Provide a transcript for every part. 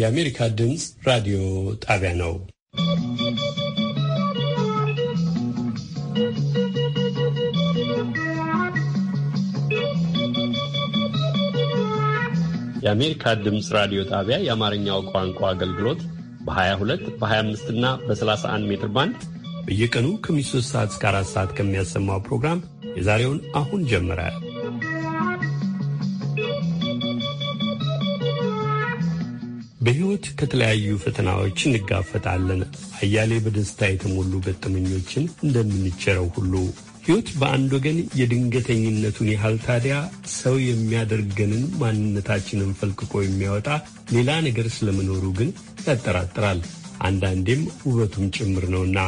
የአሜሪካ ድምፅ ራዲዮ ጣቢያ ነው። የአሜሪካ ድምፅ ራዲዮ ጣቢያ የአማርኛው ቋንቋ አገልግሎት በ22 በ25 እና በ31 ሜትር ባንድ በየቀኑ ከምሽቱ 3 ሰዓት እስከ 4 ሰዓት ከሚያሰማው ፕሮግራም የዛሬውን አሁን ጀመረ። ከተለያዩ ፈተናዎች እንጋፈጣለን። አያሌ በደስታ የተሞሉ ገጠመኞችን እንደምንቸረው ሁሉ ሕይወት በአንድ ወገን የድንገተኝነቱን ያህል ታዲያ ሰው የሚያደርገንን ማንነታችንን ፈልቅቆ የሚያወጣ ሌላ ነገር ስለመኖሩ ግን ያጠራጥራል። አንዳንዴም ውበቱም ጭምር ነውና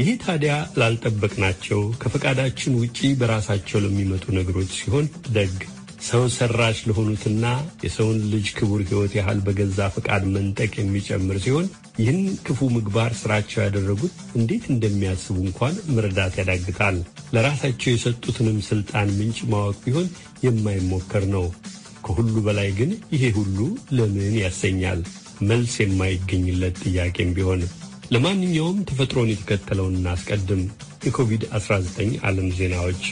ይህ ታዲያ ላልጠበቅናቸው ከፈቃዳችን ውጪ በራሳቸው ለሚመጡ ነገሮች ሲሆን ደግ ሰው ሰራሽ ለሆኑትና የሰውን ልጅ ክቡር ሕይወት ያህል በገዛ ፈቃድ መንጠቅ የሚጨምር ሲሆን ይህን ክፉ ምግባር ስራቸው ያደረጉት እንዴት እንደሚያስቡ እንኳን መረዳት ያዳግታል። ለራሳቸው የሰጡትንም ስልጣን ምንጭ ማወቅ ቢሆን የማይሞከር ነው። ከሁሉ በላይ ግን ይሄ ሁሉ ለምን ያሰኛል መልስ የማይገኝለት ጥያቄም ቢሆን። ለማንኛውም ተፈጥሮን የተከተለውን እናስቀድም። የኮቪድ-19 ዓለም ዜናዎች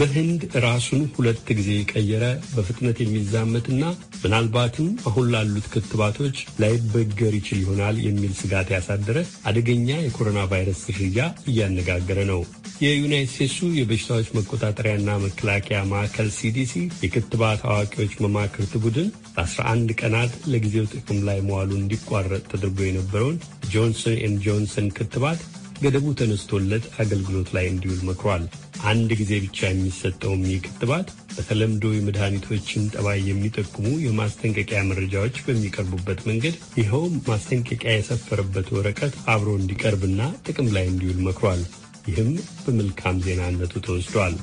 በህንድ ራሱን ሁለት ጊዜ የቀየረ በፍጥነት የሚዛመትና ምናልባትም አሁን ላሉት ክትባቶች ላይበገር ይችል ይሆናል የሚል ስጋት ያሳደረ አደገኛ የኮሮና ቫይረስ ዝርያ እያነጋገረ ነው። የዩናይት ስቴትሱ የበሽታዎች መቆጣጠሪያና መከላከያ ማዕከል ሲዲሲ የክትባት አዋቂዎች መማክርት ቡድን ለ11 ቀናት ለጊዜው ጥቅም ላይ መዋሉ እንዲቋረጥ ተደርጎ የነበረውን ጆንሰን ኤንድ ጆንሰን ክትባት ገደቡ ተነስቶለት አገልግሎት ላይ እንዲውል መክሯል። አንድ ጊዜ ብቻ የሚሰጠውም ይህ ክትባት በተለምዶ የመድኃኒቶችን ጠባይ የሚጠቁሙ የማስጠንቀቂያ መረጃዎች በሚቀርቡበት መንገድ ይኸው ማስጠንቀቂያ የሰፈረበት ወረቀት አብሮ እንዲቀርብና ጥቅም ላይ እንዲውል መክሯል። ይህም በመልካም ዜናነቱ ተወስዷል።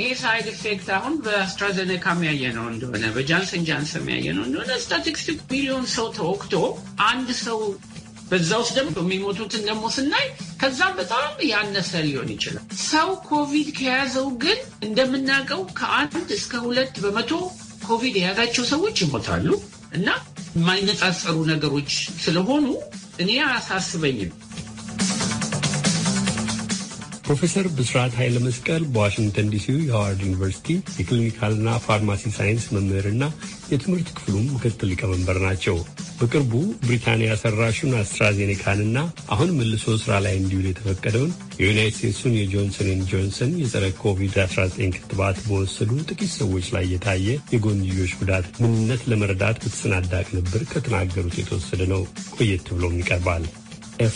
ይህ ሳይድ ኢፌክት አሁን በአስትራዘኔካ የሚያየ ነው እንደሆነ በጃንሰን ጃንሰን የሚያየ ነው እንደሆነ ስታቲስቲክ ሚሊዮን ሰው ተወቅቶ አንድ ሰው በዛ ውስጥ ደግሞ የሚሞቱትን ደግሞ ስናይ ከዛም በጣም ያነሰ ሊሆን ይችላል። ሰው ኮቪድ ከያዘው ግን እንደምናውቀው ከአንድ እስከ ሁለት በመቶ ኮቪድ የያዛቸው ሰዎች ይሞታሉ እና የማይነጻጸሩ ነገሮች ስለሆኑ እኔ አያሳስበኝም። ፕሮፌሰር ብስራት ኃይለ መስቀል በዋሽንግተን ዲሲው የሃዋርድ ዩኒቨርሲቲ የክሊኒካልና ፋርማሲ ሳይንስ መምህርና የትምህርት ክፍሉም ምክትል ሊቀመንበር ናቸው። በቅርቡ ብሪታንያ ሰራሹን አስትራዜኔካንና አሁን መልሶ ስራ ላይ እንዲውል የተፈቀደውን የዩናይት ስቴትሱን የጆንሰን ኤንድ ጆንሰን የጸረ ኮቪድ-19 ክትባት በወሰዱ ጥቂት ሰዎች ላይ የታየ የጎንዮሽ ጉዳት ምንነት ለመረዳት በተሰናዳ ቅንብር ከተናገሩት የተወሰደ ነው። ቆየት ብሎም ይቀርባል።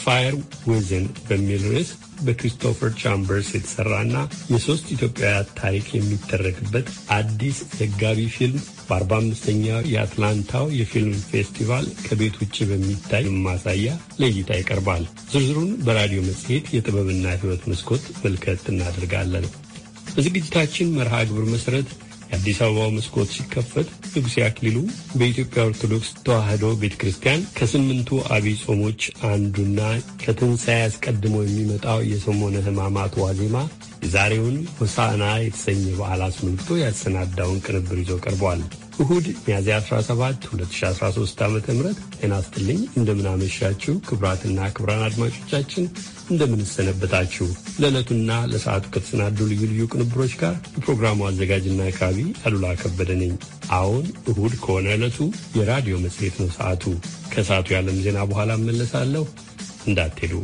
ፋየር ዊዝን በሚል ርዕስ በክሪስቶፈር ቻምበርስ የተሰራና የሶስት ኢትዮጵያውያን ታሪክ የሚተረክበት አዲስ ዘጋቢ ፊልም በ45ኛው የአትላንታው የፊልም ፌስቲቫል ከቤት ውጭ በሚታይ ማሳያ ለእይታ ይቀርባል። ዝርዝሩን በራዲዮ መጽሔት የጥበብና ሕይወት መስኮት መልከት እናደርጋለን። በዝግጅታችን መርሃ ግብር መሠረት የአዲስ አበባው መስኮት ሲከፈት ንጉሴ አክሊሉ በኢትዮጵያ ኦርቶዶክስ ተዋሕዶ ቤተ ክርስቲያን ከስምንቱ አብይ ጾሞች አንዱና ከትንሣኤ አስቀድሞ የሚመጣው የሰሞነ ሕማማት ዋዜማ የዛሬውን ሆሳና የተሰኘ በዓል አስመልክቶ ያሰናዳውን ቅንብር ይዞ ቀርቧል። እሁድ ሚያዝያ 17 2013 ዓ ም ጤና ይስጥልኝ። እንደምናመሻችሁ ክቡራትና ክቡራን አድማጮቻችን እንደምንሰነበታችሁ ለዕለቱና ለሰዓቱ ከተሰናዱ ልዩ ልዩ ቅንብሮች ጋር የፕሮግራሙ አዘጋጅና አካባቢ አሉላ ከበደ ነኝ። አሁን እሁድ ከሆነ ዕለቱ የራዲዮ መጽሔት ነው። ሰዓቱ ከሰዓቱ የዓለም ዜና በኋላ እመለሳለሁ፣ እንዳትሄዱ።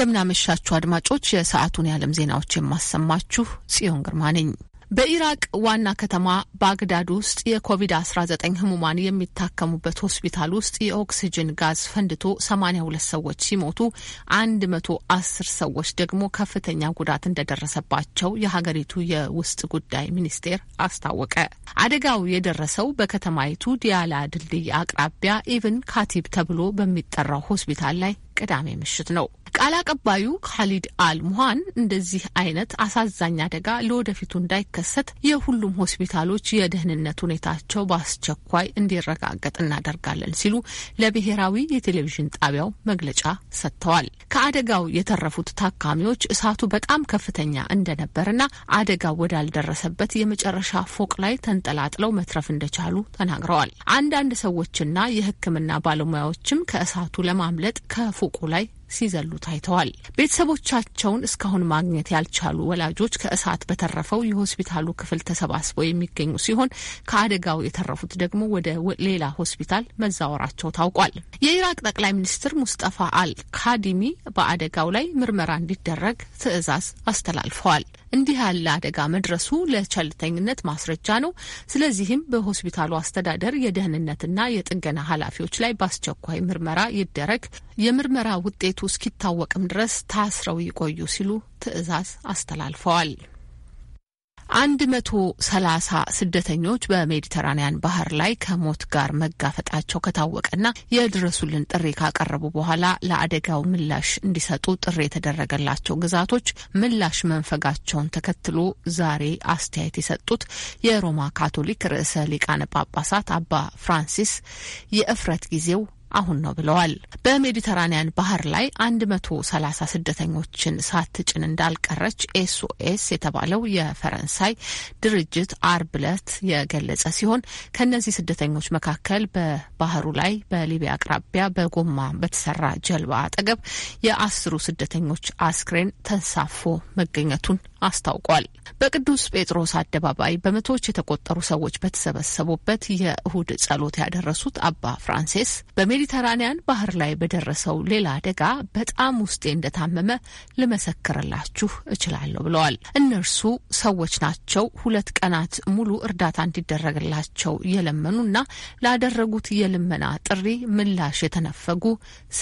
እንደምናመሻችሁ አድማጮች፣ የሰዓቱን የዓለም ዜናዎች የማሰማችሁ ጽዮን ግርማ ነኝ። በኢራቅ ዋና ከተማ ባግዳድ ውስጥ የኮቪድ-19 ህሙማን የሚታከሙበት ሆስፒታል ውስጥ የኦክሲጅን ጋዝ ፈንድቶ 82 ሰዎች ሲሞቱ 110 ሰዎች ደግሞ ከፍተኛ ጉዳት እንደደረሰባቸው የሀገሪቱ የውስጥ ጉዳይ ሚኒስቴር አስታወቀ። አደጋው የደረሰው በከተማይቱ ዲያላ ድልድይ አቅራቢያ ኢብን ካቲብ ተብሎ በሚጠራው ሆስፒታል ላይ ቅዳሜ ምሽት ነው። ቃል አቀባዩ ካሊድ አል ሙሃን እንደዚህ አይነት አሳዛኝ አደጋ ለወደፊቱ እንዳይከሰት የሁሉም ሆስፒታሎች የደህንነት ሁኔታቸው በአስቸኳይ እንዲረጋገጥ እናደርጋለን ሲሉ ለብሔራዊ የቴሌቪዥን ጣቢያው መግለጫ ሰጥተዋል። ከአደጋው የተረፉት ታካሚዎች እሳቱ በጣም ከፍተኛ እንደነበርና አደጋው ወዳልደረሰበት የመጨረሻ ፎቅ ላይ ተንጠላጥለው መትረፍ እንደቻሉ ተናግረዋል። አንዳንድ ሰዎችና የሕክምና ባለሙያዎችም ከእሳቱ ለማምለጥ ከ ፎቁ ላይ ሲዘሉ ታይተዋል። ቤተሰቦቻቸውን እስካሁን ማግኘት ያልቻሉ ወላጆች ከእሳት በተረፈው የሆስፒታሉ ክፍል ተሰባስበው የሚገኙ ሲሆን ከአደጋው የተረፉት ደግሞ ወደ ሌላ ሆስፒታል መዛወራቸው ታውቋል። የኢራቅ ጠቅላይ ሚኒስትር ሙስጠፋ አል ካዲሚ በአደጋው ላይ ምርመራ እንዲደረግ ትዕዛዝ አስተላልፈዋል። እንዲህ ያለ አደጋ መድረሱ ለቸልተኝነት ማስረጃ ነው። ስለዚህም በሆስፒታሉ አስተዳደር የደህንነትና የጥገና ኃላፊዎች ላይ በአስቸኳይ ምርመራ ይደረግ፣ የምርመራ ውጤቱ እስኪታወቅም ድረስ ታስረው ይቆዩ ሲሉ ትዕዛዝ አስተላልፈዋል። አንድ መቶ ሰላሳ ስደተኞች በሜዲተራንያን ባህር ላይ ከሞት ጋር መጋፈጣቸው ከታወቀና የድረሱልን ጥሪ ካቀረቡ በኋላ ለአደጋው ምላሽ እንዲሰጡ ጥሪ የተደረገላቸው ግዛቶች ምላሽ መንፈጋቸውን ተከትሎ ዛሬ አስተያየት የሰጡት የሮማ ካቶሊክ ርዕሰ ሊቃነ ጳጳሳት አባ ፍራንሲስ የእፍረት ጊዜው አሁን ነው ብለዋል። በሜዲተራኒያን ባህር ላይ 130 ስደተኞችን ሳትጭን እንዳልቀረች ኤስኦኤስ የተባለው የፈረንሳይ ድርጅት አርብ ዕለት የገለጸ ሲሆን ከእነዚህ ስደተኞች መካከል በባህሩ ላይ በሊቢያ አቅራቢያ በጎማ በተሰራ ጀልባ አጠገብ የአስሩ ስደተኞች አስክሬን ተንሳፎ መገኘቱን አስታውቋል። በቅዱስ ጴጥሮስ አደባባይ በመቶዎች የተቆጠሩ ሰዎች በተሰበሰቡበት የእሁድ ጸሎት ያደረሱት አባ ፍራንሲስ በሜዲተራኒያን ባህር ላይ በደረሰው ሌላ አደጋ በጣም ውስጤ እንደታመመ ልመሰክርላችሁ እችላለሁ ብለዋል። እነርሱ ሰዎች ናቸው። ሁለት ቀናት ሙሉ እርዳታ እንዲደረግላቸው የለመኑና ላደረጉት የልመና ጥሪ ምላሽ የተነፈጉ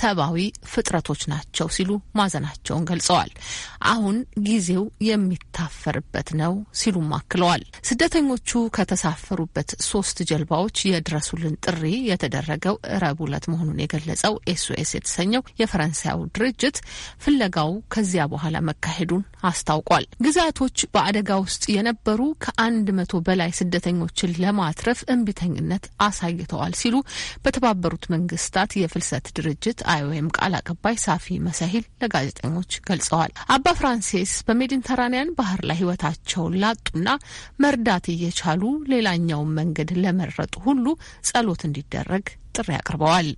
ሰብአዊ ፍጥረቶች ናቸው ሲሉ ማዘናቸውን ገልጸዋል። አሁን ጊዜው የሚታፈርበት ምክንያት ነው ሲሉም አክለዋል። ስደተኞቹ ከተሳፈሩበት ሶስት ጀልባዎች የድረሱልን ጥሪ የተደረገው ረቡዕ ዕለት መሆኑን የገለጸው ኤስኦኤስ የተሰኘው የፈረንሳዩ ድርጅት ፍለጋው ከዚያ በኋላ መካሄዱን አስታውቋል። ግዛቶች በአደጋ ውስጥ የነበሩ ከአንድ መቶ በላይ ስደተኞችን ለማትረፍ እምቢተኝነት አሳይተዋል ሲሉ በተባበሩት መንግስታት የፍልሰት ድርጅት አይኦኤም ቃል አቀባይ ሳፊ መሳሂል ለጋዜጠኞች ገልጸዋል። አባ ፍራንሲስ በሜዲተራኒያን ባህር ላይ ህይወታቸው ራሳቸውን ላጡና መርዳት እየቻሉ ሌላኛውን መንገድ ለመረጡ ሁሉ ጸሎት እንዲደረግ ጥሪ አቅርበዋል።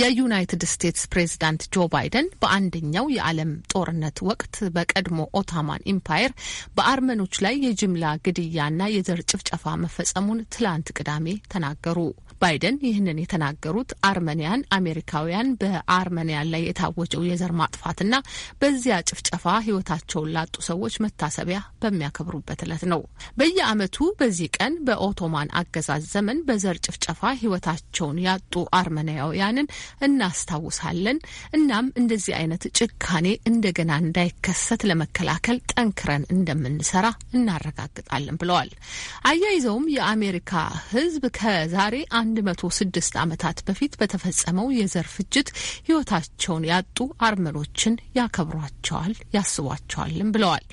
የዩናይትድ ስቴትስ ፕሬዚዳንት ጆ ባይደን በአንደኛው የዓለም ጦርነት ወቅት በቀድሞ ኦታማን ኢምፓየር በአርመኖች ላይ የጅምላ ግድያና የዘር ጭፍጨፋ መፈጸሙን ትላንት ቅዳሜ ተናገሩ። ባይደን ይህንን የተናገሩት አርመኒያን አሜሪካውያን በአርመኒያን ላይ የታወጀው የዘር ማጥፋትና በዚያ ጭፍጨፋ ህይወታቸውን ላጡ ሰዎች መታሰቢያ በሚያከብሩበት እለት ነው። በየአመቱ በዚህ ቀን በኦቶማን አገዛዝ ዘመን በዘር ጭፍጨፋ ህይወታቸውን ያጡ አርመንያውያንን እናስታውሳለን። እናም እንደዚህ አይነት ጭካኔ እንደገና እንዳይከሰት ለመከላከል ጠንክረን እንደምንሰራ እናረጋግጣለን ብለዋል። አያይዘውም የአሜሪካ ህዝብ ከዛሬ ከ106 ዓመታት በፊት በተፈጸመው የዘር ፍጅት ህይወታቸውን ያጡ አርመኖችን ያከብሯቸዋል፣ ያስቧቸዋልም ብለዋል።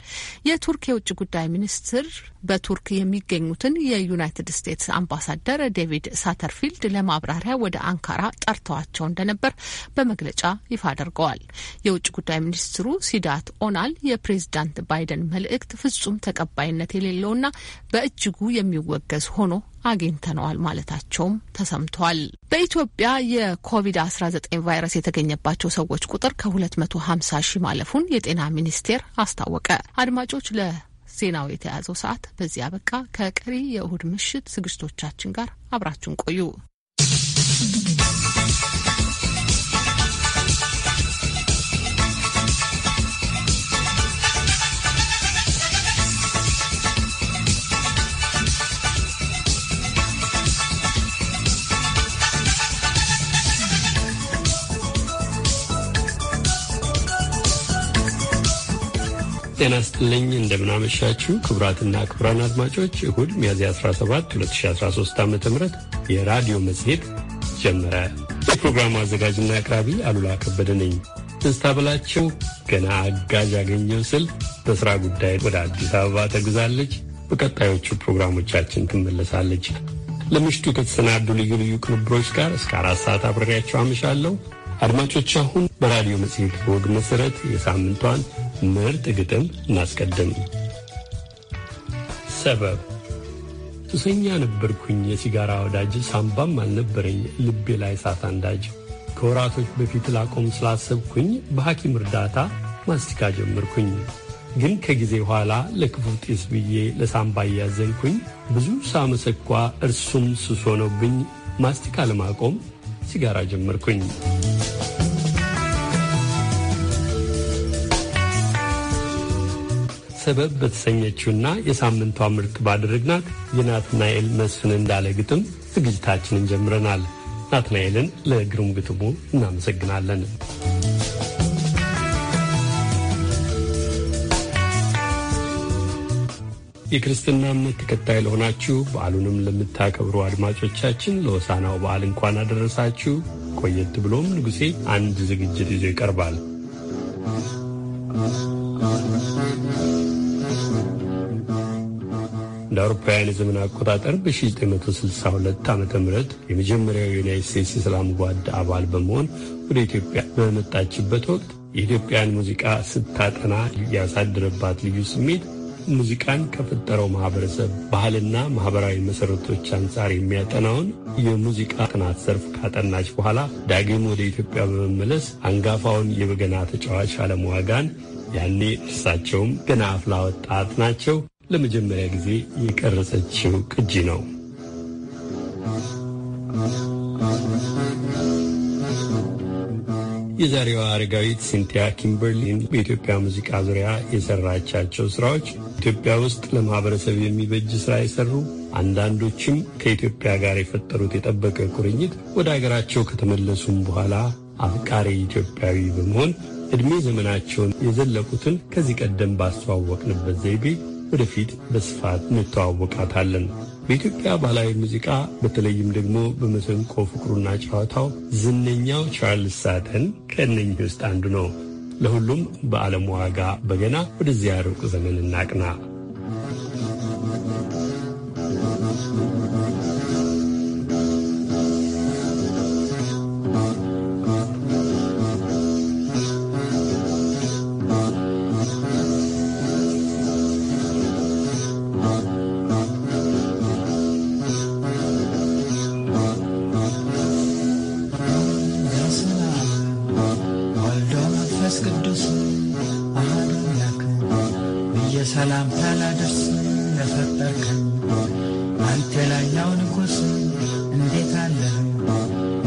የቱርክ የውጭ ጉዳይ ሚኒስትር በቱርክ የሚገኙትን የዩናይትድ ስቴትስ አምባሳደር ዴቪድ ሳተርፊልድ ለማብራሪያ ወደ አንካራ ጠርተዋቸው እንደነበር በመግለጫ ይፋ አድርገዋል። የውጭ ጉዳይ ሚኒስትሩ ሲዳት ኦናል የፕሬዝዳንት ባይደን መልእክት ፍጹም ተቀባይነት የሌለውና በእጅጉ የሚወገዝ ሆኖ አግኝተነዋል ማለታቸውም ተሰምቷል። በኢትዮጵያ የኮቪድ-19 ቫይረስ የተገኘባቸው ሰዎች ቁጥር ከ250 ሺህ ማለፉን የጤና ሚኒስቴር አስታወቀ። አድማጮች ለዜናው የተያዘው ሰዓት በዚህ አበቃ። ከቀሪ የእሁድ ምሽት ዝግጅቶቻችን ጋር አብራችሁን ቆዩ። ጤና ስጥልኝ እንደምናመሻችሁ ክቡራትና ክቡራን አድማጮች እሁድ ሚያዝያ 17 2013 ዓ ም የራዲዮ መጽሔት ጀመረ። የፕሮግራሙ አዘጋጅና አቅራቢ አሉላ ከበደ ነኝ። ትዝታ ገና አጋዥ ያገኘው ስል በሥራ ጉዳይ ወደ አዲስ አበባ ተግዛለች። በቀጣዮቹ ፕሮግራሞቻችን ትመለሳለች። ለምሽቱ ከተሰናዱ ልዩ ልዩ ቅንብሮች ጋር እስከ አራት ሰዓት አብሬያቸው አመሻለሁ። አድማጮች፣ አሁን በራዲዮ መጽሔት ወግ መሠረት የሳምንቷን ምርጥ ግጥም እናስቀድም። ሰበብ ሱሰኛ ነበርኩኝ የሲጋራ ወዳጅ፣ ሳምባም አልነበረኝ ልቤ ላይ እሳት አንዳጅ። ከወራቶች በፊት ላቆም ስላሰብኩኝ በሐኪም እርዳታ ማስቲካ ጀመርኩኝ። ግን ከጊዜ ኋላ ለክፉ ጢስ ብዬ ለሳምባ እያዘንኩኝ ብዙ ሳመሰኳ እርሱም ስስ ሆነብኝ ማስቲካ ለማቆም ሲጋራ ጀመርኩኝ። ሰበብ በተሰኘችውና የሳምንቷ ምርጥ ባደረግናት የናትናኤል መስፍን እንዳለ ግጥም ዝግጅታችንን ጀምረናል። ናትናኤልን ለግሩም ግጥሙ እናመሰግናለን። የክርስትና እምነት ተከታይ ለሆናችሁ በዓሉንም ለምታከብሩ አድማጮቻችን ለሆሳናው በዓል እንኳን አደረሳችሁ። ቆየት ብሎም ንጉሴ አንድ ዝግጅት ይዞ ይቀርባል። እንደ አውሮፓውያን የዘመን አቆጣጠር በ1962 ዓ ም የመጀመሪያው የዩናይት ስቴትስ የሰላም ጓድ አባል በመሆን ወደ ኢትዮጵያ በመጣችበት ወቅት የኢትዮጵያን ሙዚቃ ስታጠና ያሳድረባት ልዩ ስሜት ሙዚቃን ከፈጠረው ማህበረሰብ ባህልና ማህበራዊ መሰረቶች አንጻር የሚያጠናውን የሙዚቃ ጥናት ዘርፍ ካጠናች በኋላ ዳግም ወደ ኢትዮጵያ በመመለስ አንጋፋውን የበገና ተጫዋች አለም ዋጋን ያኔ እርሳቸውም ገና አፍላ ወጣት ናቸው ለመጀመሪያ ጊዜ የቀረጸችው ቅጂ ነው። የዛሬዋ አረጋዊት ሲንቲያ ኪምበርሊን በኢትዮጵያ ሙዚቃ ዙሪያ የሰራቻቸው ስራዎች ኢትዮጵያ ውስጥ ለማህበረሰብ የሚበጅ ስራ የሰሩ አንዳንዶችም ከኢትዮጵያ ጋር የፈጠሩት የጠበቀ ቁርኝት ወደ አገራቸው ከተመለሱም በኋላ አፍቃሪ ኢትዮጵያዊ በመሆን ዕድሜ ዘመናቸውን የዘለቁትን ከዚህ ቀደም ባስተዋወቅንበት ዘይቤ ወደፊት በስፋት እንተዋወቃታለን። በኢትዮጵያ ባህላዊ ሙዚቃ በተለይም ደግሞ በመሰንቆ ፍቅሩና ጨዋታው ዝነኛው ቻርልስ ሳተን ከእነኚህ ውስጥ አንዱ ነው። ለሁሉም በዓለም ዋጋ በገና ወደዚያ ሩቅ ዘመን እናቅና። ሰላምታ ላደርስ ለፈጠርክ አንተ ላኛው ንጉሥ እንዴት አለ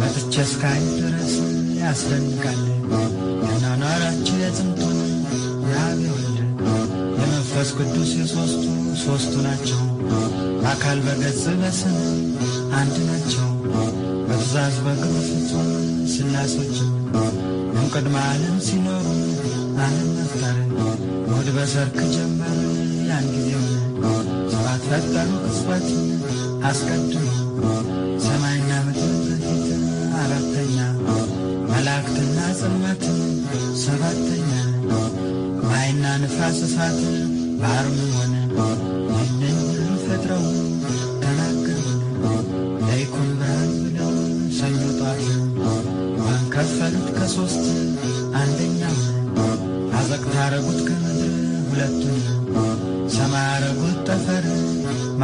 መጥቼ እስካይ ድረስ ያስደንቃል አኗኗራችን የጥንቱ የአብ የመንፈስ ቅዱስ የሦስቱ ሦስቱ ናቸው። በአካል በገጽ በስም አንድ ናቸው። በትእዛዝ በግብር ፍጹም ሥላሴዎች እምቅድመ ዓለም ሲኖሩ ዓለም መፍጠር እሑድ በሰርክ ጀመረ በገናን ጊዜ ባትረቀኑ ቅጽበት አስቀድሞ ሰማይና ምድር በፊት አራተኛ መላእክትና ጽልመት ሰባተኛ ማይና ንፋስ እሳት ባርም ሆነ ይህንን ፈጥረው ተናገሩ ለይኩን ብርሃን ብለው ሰኞ ጧት ማንከፈሉት ከሶስት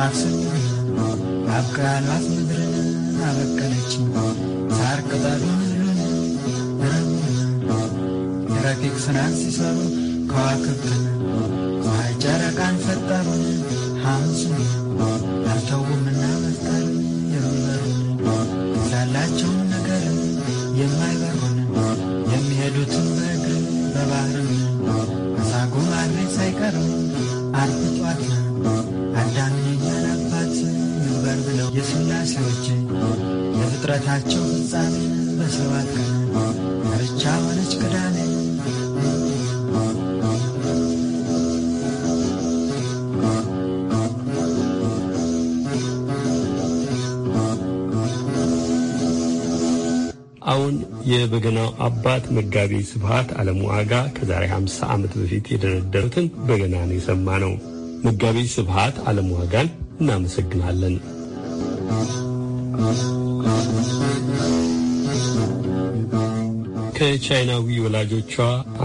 አፍስት አብካሏት ምድርን አበቀለች ሳር ቅጠሉ ምድርን ረረቂቅ ስናት ሲሰሩ ከዋክብትን አሁን የበገናው አባት መጋቢ ስብሃት አለሙ አጋ ከዛሬ 50 ዓመት በፊት የደረደሩትን በገና ነው የሰማ ነው። መጋቢ ስብሃት አለሙ አጋን እናመሰግናለን። ከቻይናዊ ወላጆቿ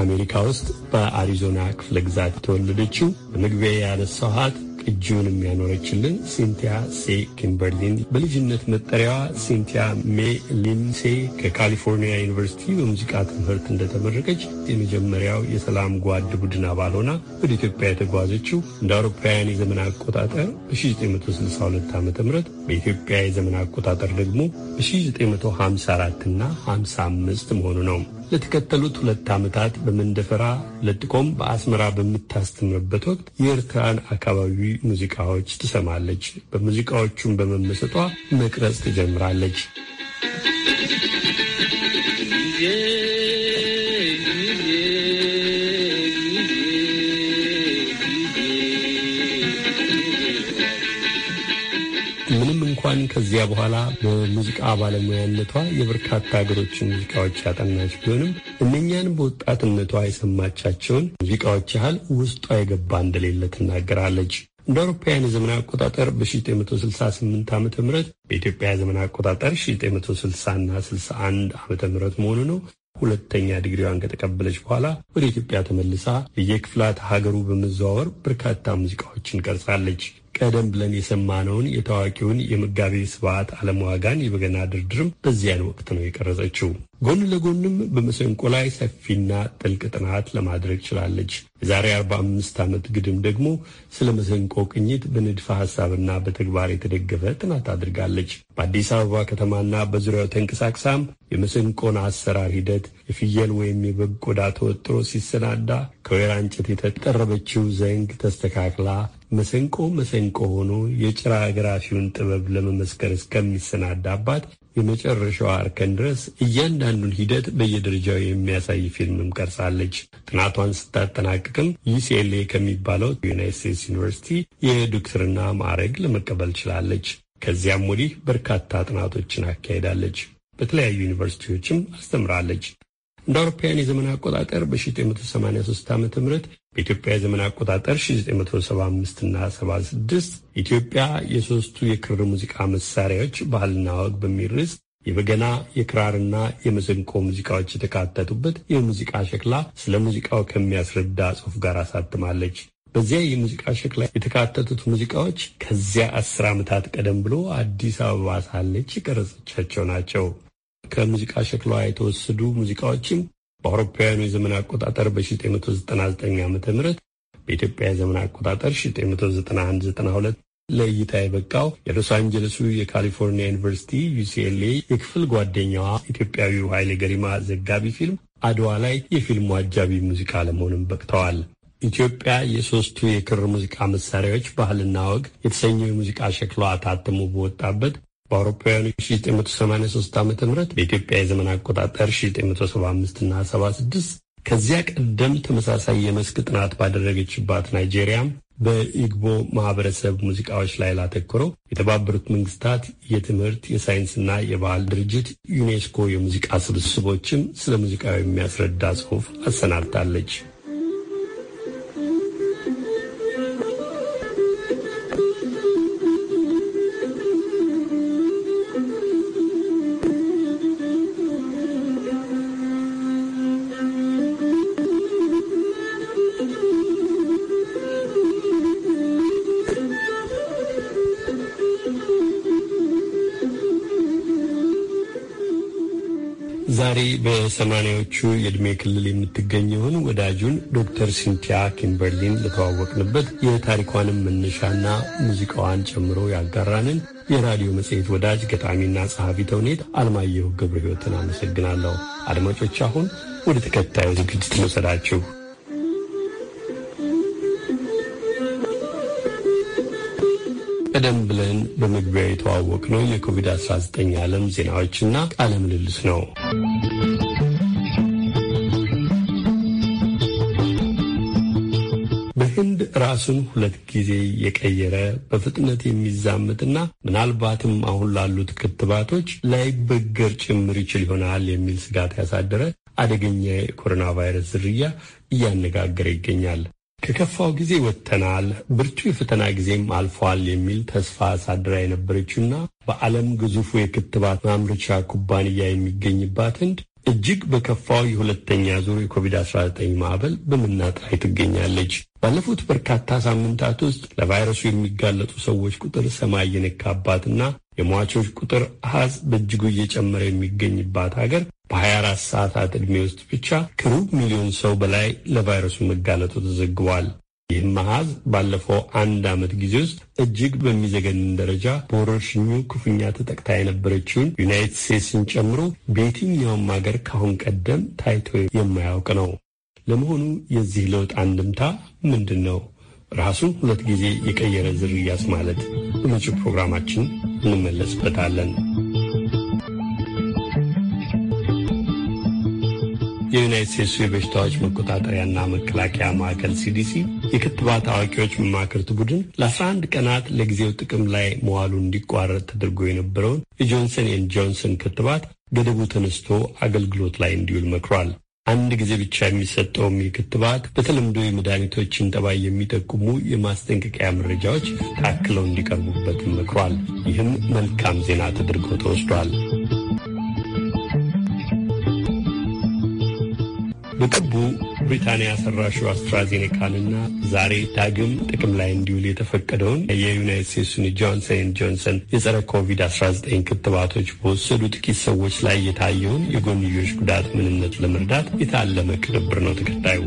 አሜሪካ ውስጥ በአሪዞና ክፍለ ግዛት የተወለደችው በመግቢያ ያነሳኋት ቅጂውን የሚያኖረችልን ሲንቲያ ሴ ኪምበርሊን በልጅነት መጠሪያዋ ሲንቲያ ሜ ሊንሴ ከካሊፎርኒያ ዩኒቨርሲቲ በሙዚቃ ትምህርት እንደተመረቀች የመጀመሪያው የሰላም ጓድ ቡድን አባል ሆና ወደ ኢትዮጵያ የተጓዘችው እንደ አውሮፓውያን የዘመን አቆጣጠር በ1962 ዓ ም በኢትዮጵያ የዘመን አቆጣጠር ደግሞ በ1954 እና 55 መሆኑ ነው። ለተከተሉት ሁለት ዓመታት በመንደፈራ ለጥቆም በአስመራ በምታስተምርበት ወቅት የኤርትራን አካባቢ ሙዚቃዎች ትሰማለች። በሙዚቃዎቹም በመመሰጧ መቅረጽ ትጀምራለች። እንኳን ከዚያ በኋላ በሙዚቃ ባለሙያነቷ የበርካታ ሀገሮችን ሙዚቃዎች ያጠናች ቢሆንም እነኛን በወጣትነቷ የሰማቻቸውን ሙዚቃዎች ያህል ውስጧ የገባ እንደሌለ ትናገራለች። እንደ አውሮፓውያን የዘመን አቆጣጠር በ1968 ዓ ም በኢትዮጵያ የዘመን አቆጣጠር 1960ና 61 ዓ ም መሆኑ ነው። ሁለተኛ ዲግሪዋን ከተቀበለች በኋላ ወደ ኢትዮጵያ ተመልሳ በየክፍላት ሀገሩ በመዘዋወር በርካታ ሙዚቃዎችን ቀርጻለች። ቀደም ብለን የሰማነውን የታዋቂውን የመጋቤ ስብዓት አለም ዋጋን የበገና ድርድርም በዚያን ወቅት ነው የቀረጸችው። ጎን ለጎንም በመሰንቆ ላይ ሰፊና ጥልቅ ጥናት ለማድረግ ችላለች። የዛሬ 45 ዓመት ግድም ደግሞ ስለ መሰንቆ ቅኝት በንድፈ ሐሳብና በተግባር የተደገፈ ጥናት አድርጋለች። በአዲስ አበባ ከተማና በዙሪያው ተንቀሳቅሳም የመሰንቆን አሰራር ሂደት፣ የፍየል ወይም የበግ ቆዳ ተወጥሮ ሲሰናዳ ከወይራ እንጨት የተጠረበችው ዘንግ ተስተካክላ መሰንቆ መሰንቆ ሆኖ የጭራ ግራፊውን ጥበብ ለመመስከር እስከሚሰናዳባት የመጨረሻዋ እርከን ድረስ እያንዳንዱን ሂደት በየደረጃው የሚያሳይ ፊልምም ቀርጻለች። ጥናቷን ስታጠናቅቅም ዩሲኤልኤ ከሚባለው ዩናይት ስቴትስ ዩኒቨርሲቲ የዶክትርና ማዕረግ ለመቀበል ችላለች። ከዚያም ወዲህ በርካታ ጥናቶችን አካሄዳለች። በተለያዩ ዩኒቨርሲቲዎችም አስተምራለች። እንደ አውሮፓውያን የዘመን አቆጣጠር በ1983 ዓ ም በኢትዮጵያ የዘመን አቆጣጠር 1975 ና 76 ኢትዮጵያ የሦስቱ የክር ሙዚቃ መሳሪያዎች ባህልና ወግ በሚል ርዕስ የበገና የክራርና የመሰንቆ ሙዚቃዎች የተካተቱበት የሙዚቃ ሸክላ ስለ ሙዚቃው ከሚያስረዳ ጽሑፍ ጋር አሳትማለች። በዚያ የሙዚቃ ሸክላ የተካተቱት ሙዚቃዎች ከዚያ አስር ዓመታት ቀደም ብሎ አዲስ አበባ ሳለች የቀረጸቻቸው ናቸው። ከሙዚቃ ሸክሏ የተወሰዱ ሙዚቃዎችም በአውሮፓውያኑ የዘመን አቆጣጠር በ1999 ዓ ም በኢትዮጵያ የዘመን አቆጣጠር 1991/92 ለእይታ የበቃው የሎስ አንጀለሱ የካሊፎርኒያ ዩኒቨርሲቲ ዩሲኤልኤ የክፍል ጓደኛዋ ኢትዮጵያዊው ኃይሌ ገሪማ ዘጋቢ ፊልም አድዋ ላይ የፊልሙ አጃቢ ሙዚቃ ለመሆንም በቅተዋል። ኢትዮጵያ የሶስቱ የክር ሙዚቃ መሳሪያዎች ባህልና ወግ የተሰኘው የሙዚቃ ሸክሏ ታትሞ በወጣበት በአውሮፓውያኑ 1983 ዓ ም በኢትዮጵያ የዘመን አቆጣጠር 1975 ና 76 ከዚያ ቀደም ተመሳሳይ የመስክ ጥናት ባደረገችባት ናይጄሪያም በኢግቦ ማህበረሰብ ሙዚቃዎች ላይ ላተኮረው የተባበሩት መንግስታት የትምህርት የሳይንስና የባህል ድርጅት ዩኔስኮ የሙዚቃ ስብስቦችም ስለ ሙዚቃው የሚያስረዳ ጽሑፍ አሰናድታለች። በሰማኒያዎቹ የዕድሜ ክልል የምትገኘውን ወዳጁን ዶክተር ሲንቲያ ኪምበርሊን ለተዋወቅንበት የታሪኳንም መነሻና ሙዚቃዋን ጨምሮ ያጋራንን የራዲዮ መጽሔት ወዳጅ ገጣሚና ጸሐፊ ተውኔት አለማየሁ ገብረ ሕይወትን አመሰግናለሁ። አድማጮች አሁን ወደ ተከታዩ ዝግጅት መውሰዳችሁ ቀደም ብለን በመግቢያው የተዋወቅነው የኮቪድ-19 ዓለም ዜናዎችና ቃለ ምልልስ ነው። ራሱን ሁለት ጊዜ የቀየረ በፍጥነት የሚዛመትና ምናልባትም አሁን ላሉት ክትባቶች ላይበገር ጭምር ይችል ይሆናል የሚል ስጋት ያሳደረ አደገኛ የኮሮና ቫይረስ ዝርያ እያነጋገረ ይገኛል። ከከፋው ጊዜ ወጥተናል፣ ብርቱ የፈተና ጊዜም አልፏል የሚል ተስፋ አሳድራ የነበረችውና በዓለም ግዙፉ የክትባት ማምረቻ ኩባንያ የሚገኝባት ህንድ እጅግ በከፋው የሁለተኛ ዙር የኮቪድ-19 ማዕበል በምናጥ ላይ ትገኛለች። ባለፉት በርካታ ሳምንታት ውስጥ ለቫይረሱ የሚጋለጡ ሰዎች ቁጥር ሰማይ የነካባትና የሟቾች ቁጥር አሃዝ በእጅጉ እየጨመረ የሚገኝባት ሀገር በ24 ሰዓታት ዕድሜ ውስጥ ብቻ ከሩብ ሚሊዮን ሰው በላይ ለቫይረሱ መጋለጡ ተዘግቧል። ይህም መሀዝ ባለፈው አንድ ዓመት ጊዜ ውስጥ እጅግ በሚዘገንን ደረጃ በወረርሽኙ ክፉኛ ተጠቅታ የነበረችውን ዩናይትድ ስቴትስን ጨምሮ በየትኛውም ሀገር ካሁን ቀደም ታይቶ የማያውቅ ነው። ለመሆኑ የዚህ ለውጥ አንድምታ ምንድን ነው? ራሱን ሁለት ጊዜ የቀየረ ዝርያስ ማለት በመጪው ፕሮግራማችን እንመለስበታለን። የዩናይት ስቴትሱ የበሽታዎች መቆጣጠሪያና መከላከያ ማዕከል ሲዲሲ የክትባት አዋቂዎች መማክርት ቡድን ለ11 ቀናት ለጊዜው ጥቅም ላይ መዋሉ እንዲቋረጥ ተደርጎ የነበረውን የጆንሰን ኤን ጆንሰን ክትባት ገደቡ ተነስቶ አገልግሎት ላይ እንዲውል መክሯል። አንድ ጊዜ ብቻ የሚሰጠውም ክትባት በተለምዶ የመድኃኒቶችን ጠባይ የሚጠቁሙ የማስጠንቀቂያ መረጃዎች ታክለው እንዲቀርቡበትም መክሯል። ይህም መልካም ዜና ተደርጎ ተወስዷል። በቅርቡ ብሪታንያ ሰራሹ አስትራዜኔካንና ዛሬ ዳግም ጥቅም ላይ እንዲውል የተፈቀደውን የዩናይት ስቴትሱን ጆንሰን ጆንሰን የጸረ ኮቪድ-19 ክትባቶች በወሰዱ ጥቂት ሰዎች ላይ የታየውን የጎንዮሽ ጉዳት ምንነት ለመርዳት የታለመ ቅንብር ነው ተከታዩ።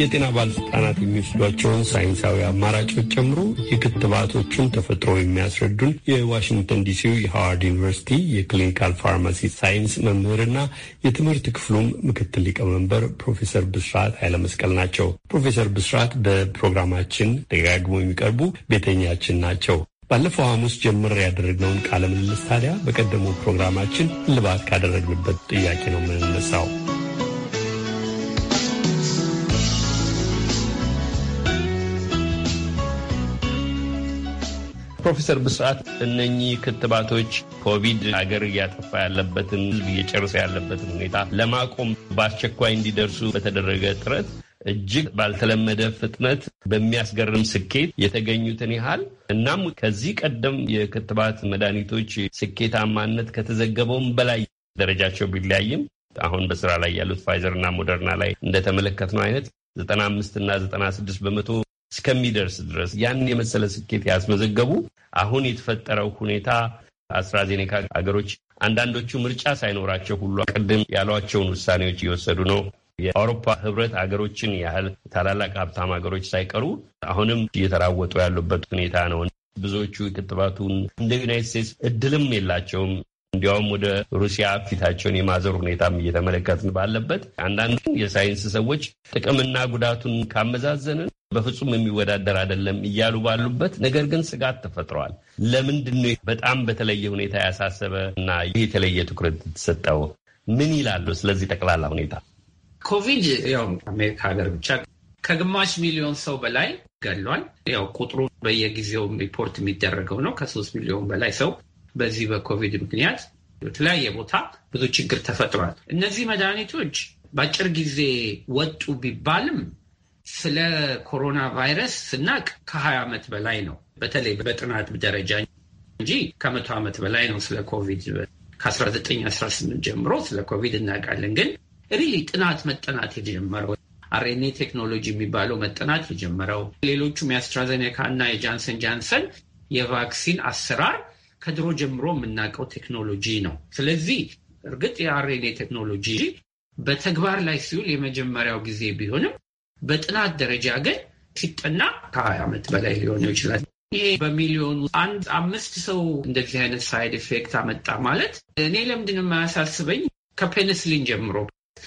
የጤና ባለስልጣናት የሚወስዷቸውን ሳይንሳዊ አማራጮች ጨምሮ የክትባቶቹን ተፈጥሮ የሚያስረዱን የዋሽንግተን ዲሲው የሃዋርድ ዩኒቨርሲቲ የክሊኒካል ፋርማሲ ሳይንስ መምህርና የትምህርት ክፍሉም ምክትል ሊቀመንበር ፕሮፌሰር ብስራት ኃይለመስቀል ናቸው። ፕሮፌሰር ብስራት በፕሮግራማችን ደጋግሞ የሚቀርቡ ቤተኛችን ናቸው። ባለፈው ሐሙስ ጀምር ያደረግነውን ቃለ ምልልስ ታዲያ በቀደሙ ፕሮግራማችን እልባት ካደረግንበት ጥያቄ ነው የምንነሳው። ፕሮፌሰር ብስራት እነኚህ ክትባቶች ኮቪድ ሀገር እያጠፋ ያለበትን ህዝብ እየጨርሰ ያለበትን ሁኔታ ለማቆም በአስቸኳይ እንዲደርሱ በተደረገ ጥረት እጅግ ባልተለመደ ፍጥነት በሚያስገርም ስኬት የተገኙትን ያህል እናም ከዚህ ቀደም የክትባት መድኃኒቶች ስኬታማነት ከተዘገበውም በላይ ደረጃቸው ቢለያይም አሁን በስራ ላይ ያሉት ፋይዘር እና ሞደርና ላይ እንደተመለከትነው አይነት ዘጠና አምስት እና ዘጠና ስድስት በመቶ እስከሚደርስ ድረስ ያን የመሰለ ስኬት ያስመዘገቡ አሁን የተፈጠረው ሁኔታ አስትራዜኔካ ሀገሮች አንዳንዶቹ ምርጫ ሳይኖራቸው ሁሉ ቅድም ያሏቸውን ውሳኔዎች እየወሰዱ ነው። የአውሮፓ ህብረት ሀገሮችን ያህል ታላላቅ ሀብታም ሀገሮች ሳይቀሩ አሁንም እየተራወጡ ያሉበት ሁኔታ ነው። ብዙዎቹ ክትባቱን እንደ ዩናይት ስቴትስ እድልም የላቸውም። እንዲያውም ወደ ሩሲያ ፊታቸውን የማዞር ሁኔታም እየተመለከትን ባለበት አንዳንድ የሳይንስ ሰዎች ጥቅምና ጉዳቱን ካመዛዘንን በፍጹም የሚወዳደር አይደለም እያሉ ባሉበት፣ ነገር ግን ስጋት ተፈጥረዋል። ለምንድን ነው በጣም በተለየ ሁኔታ ያሳሰበ እና የተለየ ትኩረት የተሰጠው? ምን ይላሉ ስለዚህ ጠቅላላ ሁኔታ? ኮቪድ ያው አሜሪካ ሀገር ብቻ ከግማሽ ሚሊዮን ሰው በላይ ገሏል። ያው ቁጥሩ በየጊዜው ሪፖርት የሚደረገው ነው። ከሶስት ሚሊዮን በላይ ሰው በዚህ በኮቪድ ምክንያት በተለያየ ቦታ ብዙ ችግር ተፈጥሯል። እነዚህ መድኃኒቶች በአጭር ጊዜ ወጡ ቢባልም ስለ ኮሮና ቫይረስ ስናቅ ከሀያ ዓመት በላይ ነው በተለይ በጥናት ደረጃ እንጂ ከመቶ ዓመት በላይ ነው ስለ ኮቪድ ከ1918 ጀምሮ ስለ ኮቪድ እናውቃለን። ግን ሪሊ ጥናት መጠናት የጀመረው አርኤንኤ ቴክኖሎጂ የሚባለው መጠናት የጀመረው ሌሎቹም የአስትራዘኔካ እና የጃንሰን ጃንሰን የቫክሲን አሰራር ከድሮ ጀምሮ የምናውቀው ቴክኖሎጂ ነው። ስለዚህ እርግጥ የአርኤንኤ ቴክኖሎጂ በተግባር ላይ ሲውል የመጀመሪያው ጊዜ ቢሆንም በጥናት ደረጃ ግን ሲጠና ከሀያ ዓመት በላይ ሊሆነው ይችላል። ይሄ በሚሊዮኑ አንድ አምስት ሰው እንደዚህ አይነት ሳይድ ኢፌክት አመጣ ማለት እኔ ለምንድን የማያሳስበኝ ከፔንስሊን ጀምሮ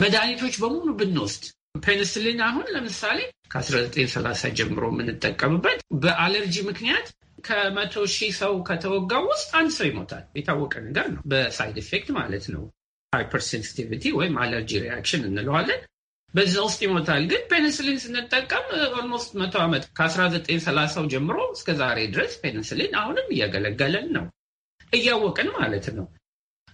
መድኃኒቶች በሙሉ ብንወስድ ፔንስሊን አሁን ለምሳሌ ከ1930 ጀምሮ የምንጠቀምበት በአለርጂ ምክንያት ከመቶ ሺህ ሰው ከተወጋው ውስጥ አንድ ሰው ይሞታል። የታወቀ ነገር ነው። በሳይድ ኢፌክት ማለት ነው። ሃይፐርሴንሲቲቪቲ ወይም አለርጂ ሪያክሽን እንለዋለን። በዛ ውስጥ ይሞታል። ግን ፔንስሊን ስንጠቀም ኦልሞስት መቶ ዓመት ከ1930 ጀምሮ እስከ ዛሬ ድረስ ፔንስሊን አሁንም እያገለገለን ነው፣ እያወቅን ማለት ነው።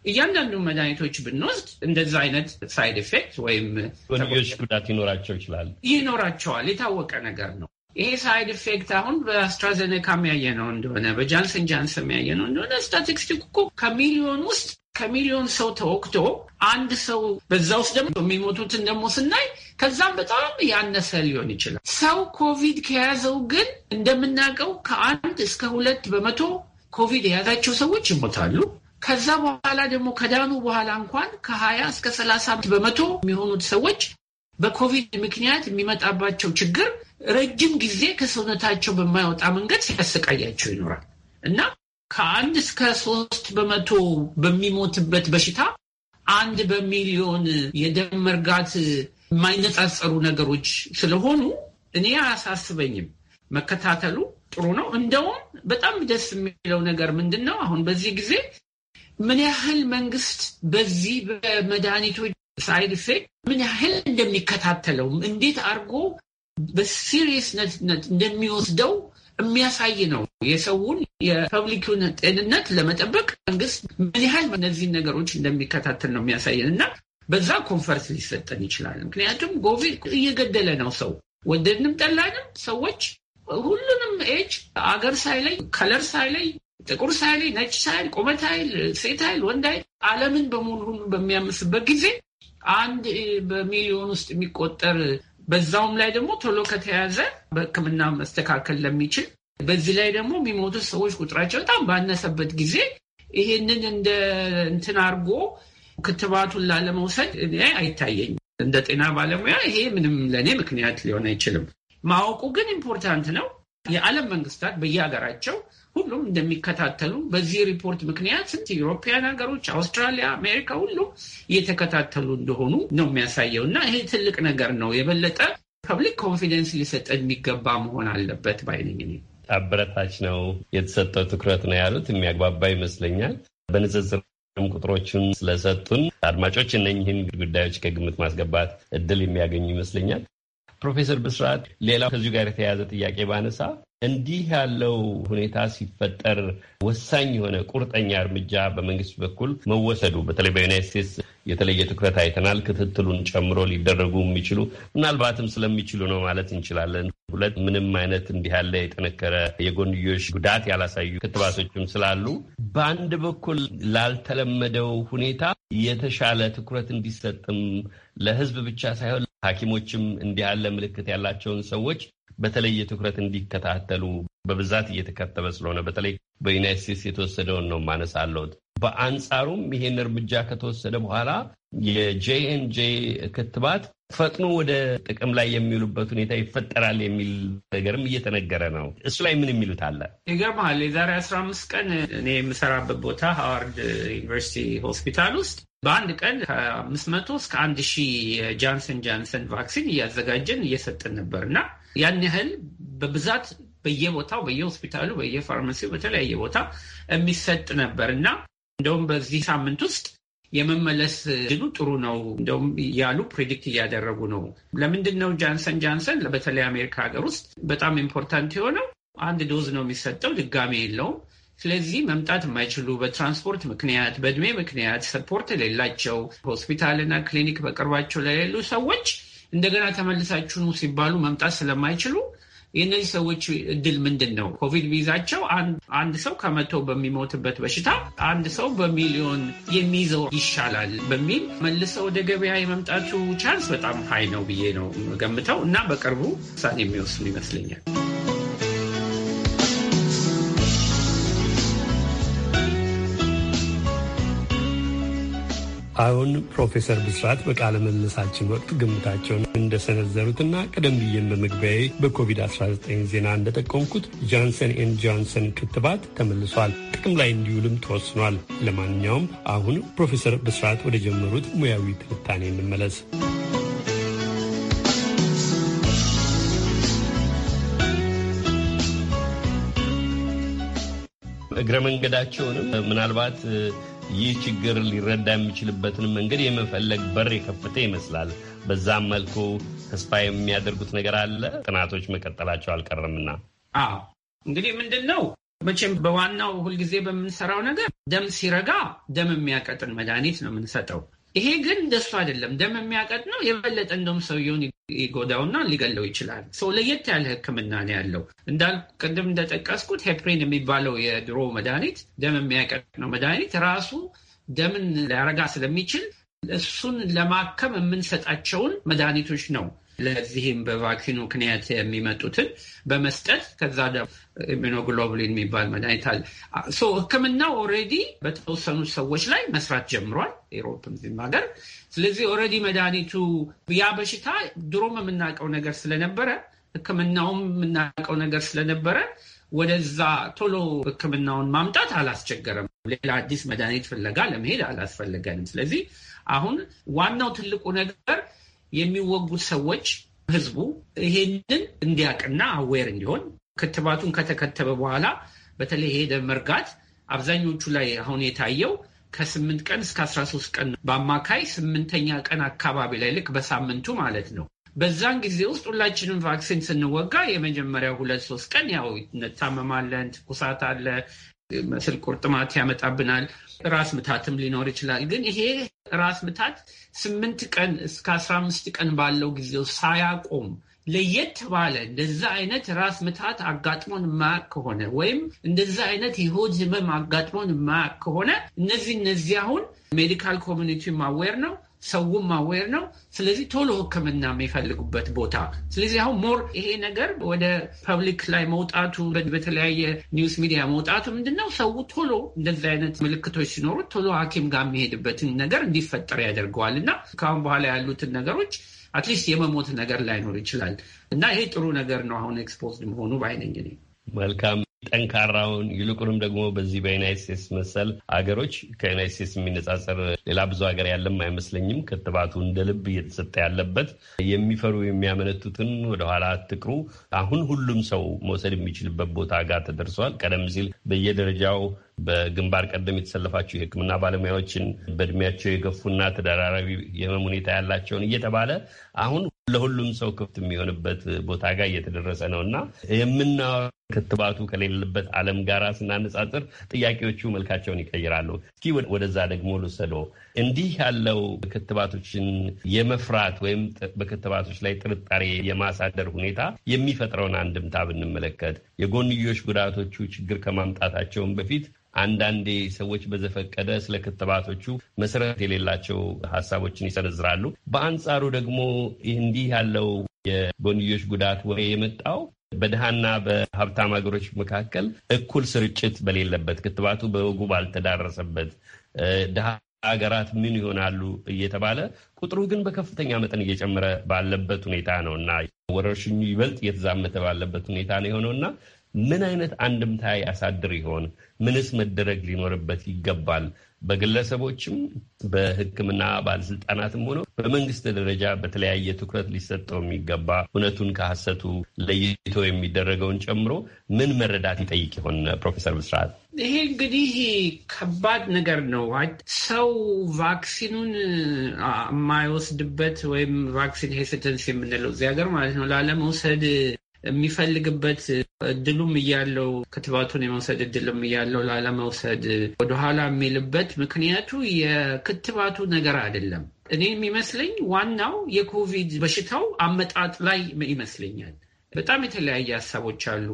እያንዳንዱ መድኃኒቶች ብንወስድ እንደዛ አይነት ሳይድ ኢፌክት ወይም ጎንዮሽ ጉዳት ይኖራቸው ይችላል ይኖራቸዋል። የታወቀ ነገር ነው። ይህ ሳይድ ኢፌክት አሁን በአስትራዘኔካ የሚያየ ነው እንደሆነ በጃንሰን ጃንሰን የሚያየ ነው እንደሆነ ስታቲስቲክ እኮ ከሚሊዮን ውስጥ ከሚሊዮን ሰው ተወቅቶ አንድ ሰው በዛ ውስጥ ደግሞ የሚሞቱትን ደግሞ ስናይ ከዛም በጣም ያነሰ ሊሆን ይችላል። ሰው ኮቪድ ከያዘው ግን እንደምናውቀው ከአንድ እስከ ሁለት በመቶ ኮቪድ የያዛቸው ሰዎች ይሞታሉ። ከዛ በኋላ ደግሞ ከዳኑ በኋላ እንኳን ከሀያ እስከ ሰላሳ በመቶ የሚሆኑት ሰዎች በኮቪድ ምክንያት የሚመጣባቸው ችግር ረጅም ጊዜ ከሰውነታቸው በማይወጣ መንገድ ሲያሰቃያቸው ይኖራል እና ከአንድ እስከ ሶስት በመቶ በሚሞትበት በሽታ አንድ በሚሊዮን የደም መርጋት የማይነጻጸሩ ነገሮች ስለሆኑ እኔ አያሳስበኝም። መከታተሉ ጥሩ ነው። እንደውም በጣም ደስ የሚለው ነገር ምንድን ነው? አሁን በዚህ ጊዜ ምን ያህል መንግስት በዚህ በመድኃኒቶች ሳይድ ኢፌክት ምን ያህል እንደሚከታተለው እንዴት አድርጎ በሲሪየስነት እንደሚወስደው የሚያሳይ ነው። የሰውን የፐብሊኩን ጤንነት ለመጠበቅ መንግስት ምን ያህል እነዚህን ነገሮች እንደሚከታተል ነው የሚያሳየን እና በዛ ኮንፈረንስ ሊሰጠን ይችላል። ምክንያቱም ጎቪድ እየገደለ ነው። ሰው ወደድንም ጠላንም ሰዎች ሁሉንም ኤጅ አገር ሳይለይ፣ ከለር ሳይለይ፣ ጥቁር ሳይል ነጭ ሳይል፣ ቁመት ይል ሴት ሳይል፣ ወንድ ሳይል ዓለምን በሙሉ በሚያምስበት ጊዜ አንድ በሚሊዮን ውስጥ የሚቆጠር በዛውም ላይ ደግሞ ቶሎ ከተያዘ በሕክምና መስተካከል ለሚችል በዚህ ላይ ደግሞ የሚሞቱት ሰዎች ቁጥራቸው በጣም ባነሰበት ጊዜ ይሄንን እንደ እንትን አድርጎ ክትባቱን ላለመውሰድ እኔ አይታየኝም። እንደ ጤና ባለሙያ ይሄ ምንም ለእኔ ምክንያት ሊሆን አይችልም። ማወቁ ግን ኢምፖርታንት ነው። የዓለም መንግስታት በየሀገራቸው ሁሉም እንደሚከታተሉ በዚህ ሪፖርት ምክንያት ስንት ዩሮፒያን ሀገሮች፣ አውስትራሊያ፣ አሜሪካ ሁሉ እየተከታተሉ እንደሆኑ ነው የሚያሳየው እና ይሄ ትልቅ ነገር ነው። የበለጠ ፐብሊክ ኮንፊደንስ ሊሰጠ የሚገባ መሆን አለበት ባይነኝ አበረታች ነው የተሰጠው ትኩረት ነው ያሉት የሚያግባባ ይመስለኛል። በንጽጽር ቁጥሮችን ስለሰጡን አድማጮች እነኝህን ጉዳዮች ከግምት ማስገባት እድል የሚያገኙ ይመስለኛል። ፕሮፌሰር ብስራት ሌላው ከዚሁ ጋር የተያያዘ ጥያቄ ባነሳ እንዲህ ያለው ሁኔታ ሲፈጠር ወሳኝ የሆነ ቁርጠኛ እርምጃ በመንግስት በኩል መወሰዱ በተለይ በዩናይት ስቴትስ የተለየ ትኩረት አይተናል። ክትትሉን ጨምሮ ሊደረጉ የሚችሉ ምናልባትም ስለሚችሉ ነው ማለት እንችላለን። ሁለት ምንም አይነት እንዲህ ያለ የጠነከረ የጎንዮሽ ጉዳት ያላሳዩ ክትባቶችም ስላሉ በአንድ በኩል ላልተለመደው ሁኔታ የተሻለ ትኩረት እንዲሰጥም ለህዝብ ብቻ ሳይሆን ሐኪሞችም እንዲህ ያለ ምልክት ያላቸውን ሰዎች በተለየ ትኩረት እንዲከታተሉ በብዛት እየተከተበ ስለሆነ በተለይ በዩናይት ስቴትስ የተወሰደውን ነው ማነሳለሁት። በአንጻሩም ይሄን እርምጃ ከተወሰደ በኋላ የጄኤንጄ ክትባት ፈጥኖ ወደ ጥቅም ላይ የሚውሉበት ሁኔታ ይፈጠራል የሚል ነገርም እየተነገረ ነው። እሱ ላይ ምን የሚሉት አለ? ይገርመሃል፣ የዛሬ አስራ አምስት ቀን እኔ የምሰራበት ቦታ ሃዋርድ ዩኒቨርሲቲ ሆስፒታል ውስጥ በአንድ ቀን ከአምስት መቶ እስከ አንድ ሺህ የጃንሰን ጃንሰን ቫክሲን እያዘጋጀን እየሰጠን ነበር እና ያን ያህል በብዛት በየቦታው በየሆስፒታሉ፣ በየፋርማሲው፣ በተለያየ ቦታ የሚሰጥ ነበር እና እንደውም በዚህ ሳምንት ውስጥ የመመለስ ድሉ ጥሩ ነው እንደውም ያሉ ፕሬዲክት እያደረጉ ነው። ለምንድን ነው ጃንሰን ጃንሰን በተለይ አሜሪካ ሀገር ውስጥ በጣም ኢምፖርታንት የሆነው አንድ ዶዝ ነው የሚሰጠው፣ ድጋሜ የለውም። ስለዚህ መምጣት የማይችሉ በትራንስፖርት ምክንያት፣ በእድሜ ምክንያት፣ ሰፖርት የሌላቸው ሆስፒታልና ክሊኒክ በቅርባቸው ለሌሉ ሰዎች እንደገና ተመልሳችሁ ነው ሲባሉ መምጣት ስለማይችሉ የእነዚህ ሰዎች እድል ምንድን ነው? ኮቪድ ቢይዛቸው አንድ ሰው ከመቶ በሚሞትበት በሽታ አንድ ሰው በሚሊዮን የሚይዘው ይሻላል በሚል መልሰው ወደ ገበያ የመምጣቱ ቻንስ በጣም ሀይ ነው ብዬ ነው ገምተው እና በቅርቡ ውሳኔ የሚወስኑ ይመስለኛል። አሁን ፕሮፌሰር ብስራት በቃለ መልሳችን ወቅት ግምታቸውን እንደሰነዘሩትና ቀደም ብዬን በመግቢያዬ በኮቪድ-19 ዜና እንደጠቀምኩት ጃንሰን ኤንድ ጃንሰን ክትባት ተመልሷል፣ ጥቅም ላይ እንዲውልም ተወስኗል። ለማንኛውም አሁን ፕሮፌሰር ብስራት ወደ ጀመሩት ሙያዊ ትንታኔ እንመለስ። እግረ መንገዳቸውንም ምናልባት ይህ ችግር ሊረዳ የሚችልበትን መንገድ የመፈለግ በር የከፈተ ይመስላል። በዛም መልኩ ተስፋ የሚያደርጉት ነገር አለ። ጥናቶች መቀጠላቸው አልቀረምና። አዎ እንግዲህ ምንድን ነው መቼም በዋናው ሁልጊዜ በምንሰራው ነገር ደም ሲረጋ ደም የሚያቀጥን መድኃኒት ነው የምንሰጠው። ይሄ ግን እንደሱ አይደለም። ደም የሚያቀጥ ነው። የበለጠ እንደውም ሰውየውን ይጎዳውና ሊገለው ይችላል። ሰው ለየት ያለ ሕክምና ነው ያለው። እንዳል ቅድም እንደጠቀስኩት ሄፕሪን የሚባለው የድሮ መድኃኒት ደም የሚያቀጥ ነው መድኃኒት ራሱ ደምን ሊያረጋ ስለሚችል እሱን ለማከም የምንሰጣቸውን መድኃኒቶች ነው ለዚህም በቫክሲኑ ምክንያት የሚመጡትን በመስጠት ከዛ ኢሚኖግሎቡሊን የሚባል መድኃኒት አለ። ሕክምናው ኦልሬዲ በተወሰኑ ሰዎች ላይ መስራት ጀምሯል፣ ኤሮፕም እዚህም ሀገር። ስለዚህ ኦልሬዲ መድኃኒቱ ያ በሽታ ድሮም የምናውቀው ነገር ስለነበረ ህክምናውም የምናውቀው ነገር ስለነበረ ወደዛ ቶሎ ህክምናውን ማምጣት አላስቸገረም። ሌላ አዲስ መድኃኒት ፍለጋ ለመሄድ አላስፈለገንም። ስለዚህ አሁን ዋናው ትልቁ ነገር የሚወጉት ሰዎች ህዝቡ ይሄንን እንዲያቅና አዌር እንዲሆን ክትባቱን ከተከተበ በኋላ በተለይ ሄደ መርጋት አብዛኞቹ ላይ አሁን የታየው ከስምንት ቀን እስከ አስራ ሶስት ቀን በአማካይ ስምንተኛ ቀን አካባቢ ላይ ልክ በሳምንቱ ማለት ነው። በዛን ጊዜ ውስጥ ሁላችንም ቫክሲን ስንወጋ የመጀመሪያው ሁለት ሶስት ቀን ያው እንታመማለን፣ ትኩሳት አለ፣ መስል ቁርጥማት ያመጣብናል። ራስ ምታትም ሊኖር ይችላል። ግን ይሄ ራስ ምታት ስምንት ቀን እስከ አስራ አምስት ቀን ባለው ጊዜው ሳያቆም ለየት ባለ እንደዛ አይነት ራስ ምታት አጋጥሞን የማያውቅ ከሆነ ወይም እንደዛ አይነት የሆድ ህመም አጋጥሞን ማ ከሆነ እነዚህ እነዚህ አሁን ሜዲካል ኮሚኒቲ ማዌር ነው ሰውም አዌር ነው። ስለዚህ ቶሎ ሕክምና የሚፈልጉበት ቦታ ስለዚህ አሁን ሞር ይሄ ነገር ወደ ፐብሊክ ላይ መውጣቱ በተለያየ ኒውስ ሚዲያ መውጣቱ ምንድነው ሰው ቶሎ እንደዚህ አይነት ምልክቶች ሲኖሩት ቶሎ ሐኪም ጋር የሚሄድበትን ነገር እንዲፈጠር ያደርገዋል እና ከአሁን በኋላ ያሉትን ነገሮች አትሊስት የመሞት ነገር ላይኖር ይችላል እና ይሄ ጥሩ ነገር ነው። አሁን ኤክስፖዝድ መሆኑ ባይነኝ መልካም ጠንካራውን ይልቁንም ደግሞ በዚህ በዩናይት ስቴትስ መሰል ሀገሮች ከዩናይት ስቴትስ የሚነጻጸር ሌላ ብዙ ሀገር ያለም አይመስለኝም። ክትባቱ እንደ ልብ እየተሰጠ ያለበት የሚፈሩ የሚያመነቱትን ወደኋላ አትቅሩ። አሁን ሁሉም ሰው መውሰድ የሚችልበት ቦታ ጋር ተደርሷል። ቀደም ሲል በየደረጃው በግንባር ቀደም የተሰለፋችሁ የሕክምና ባለሙያዎችን በእድሜያቸው የገፉና ተደራራቢ የህመም ሁኔታ ያላቸውን እየተባለ አሁን ለሁሉም ሰው ክፍት የሚሆንበት ቦታ ጋር እየተደረሰ ነው እና የምና ክትባቱ ከሌለበት ዓለም ጋር ስናነጻጽር ጥያቄዎቹ መልካቸውን ይቀይራሉ። እስኪ ወደዛ ደግሞ ልውሰዶ እንዲህ ያለው ክትባቶችን የመፍራት ወይም በክትባቶች ላይ ጥርጣሬ የማሳደር ሁኔታ የሚፈጥረውን አንድምታ ብንመለከት የጎንዮሽ ጉዳቶቹ ችግር ከማምጣታቸውን በፊት አንዳንዴ ሰዎች በዘፈቀደ ስለ ክትባቶቹ መሰረት የሌላቸው ሀሳቦችን ይሰነዝራሉ። በአንጻሩ ደግሞ እንዲህ ያለው የጎንዮሽ ጉዳት ወሬ የመጣው በድሃና በሀብታም ሀገሮች መካከል እኩል ስርጭት በሌለበት ክትባቱ በወጉ ባልተዳረሰበት ድሃ ሀገራት ምን ይሆናሉ እየተባለ ቁጥሩ ግን በከፍተኛ መጠን እየጨመረ ባለበት ሁኔታ ነው እና ወረርሽኙ ይበልጥ እየተዛመተ ባለበት ሁኔታ ነው የሆነው እና ምን አይነት አንድምታ ያሳድር ይሆን? ምንስ መደረግ ሊኖርበት ይገባል? በግለሰቦችም በሕክምና ባለስልጣናትም ሆኖ በመንግስት ደረጃ በተለያየ ትኩረት ሊሰጠው የሚገባ እውነቱን ከሐሰቱ ለይቶ የሚደረገውን ጨምሮ ምን መረዳት ይጠይቅ ይሆን? ፕሮፌሰር ብስራት፣ ይሄ እንግዲህ ከባድ ነገር ነው። ሰው ቫክሲኑን የማይወስድበት ወይም ቫክሲን ሄስተንስ የምንለው እዚህ ሀገር ማለት ነው ላለመውሰድ የሚፈልግበት እድሉም እያለው ክትባቱን የመውሰድ እድልም እያለው ላለመውሰድ ወደኋላ የሚልበት ምክንያቱ የክትባቱ ነገር አይደለም። እኔ የሚመስለኝ ዋናው የኮቪድ በሽታው አመጣጥ ላይ ይመስለኛል። በጣም የተለያየ ሀሳቦች አሉ።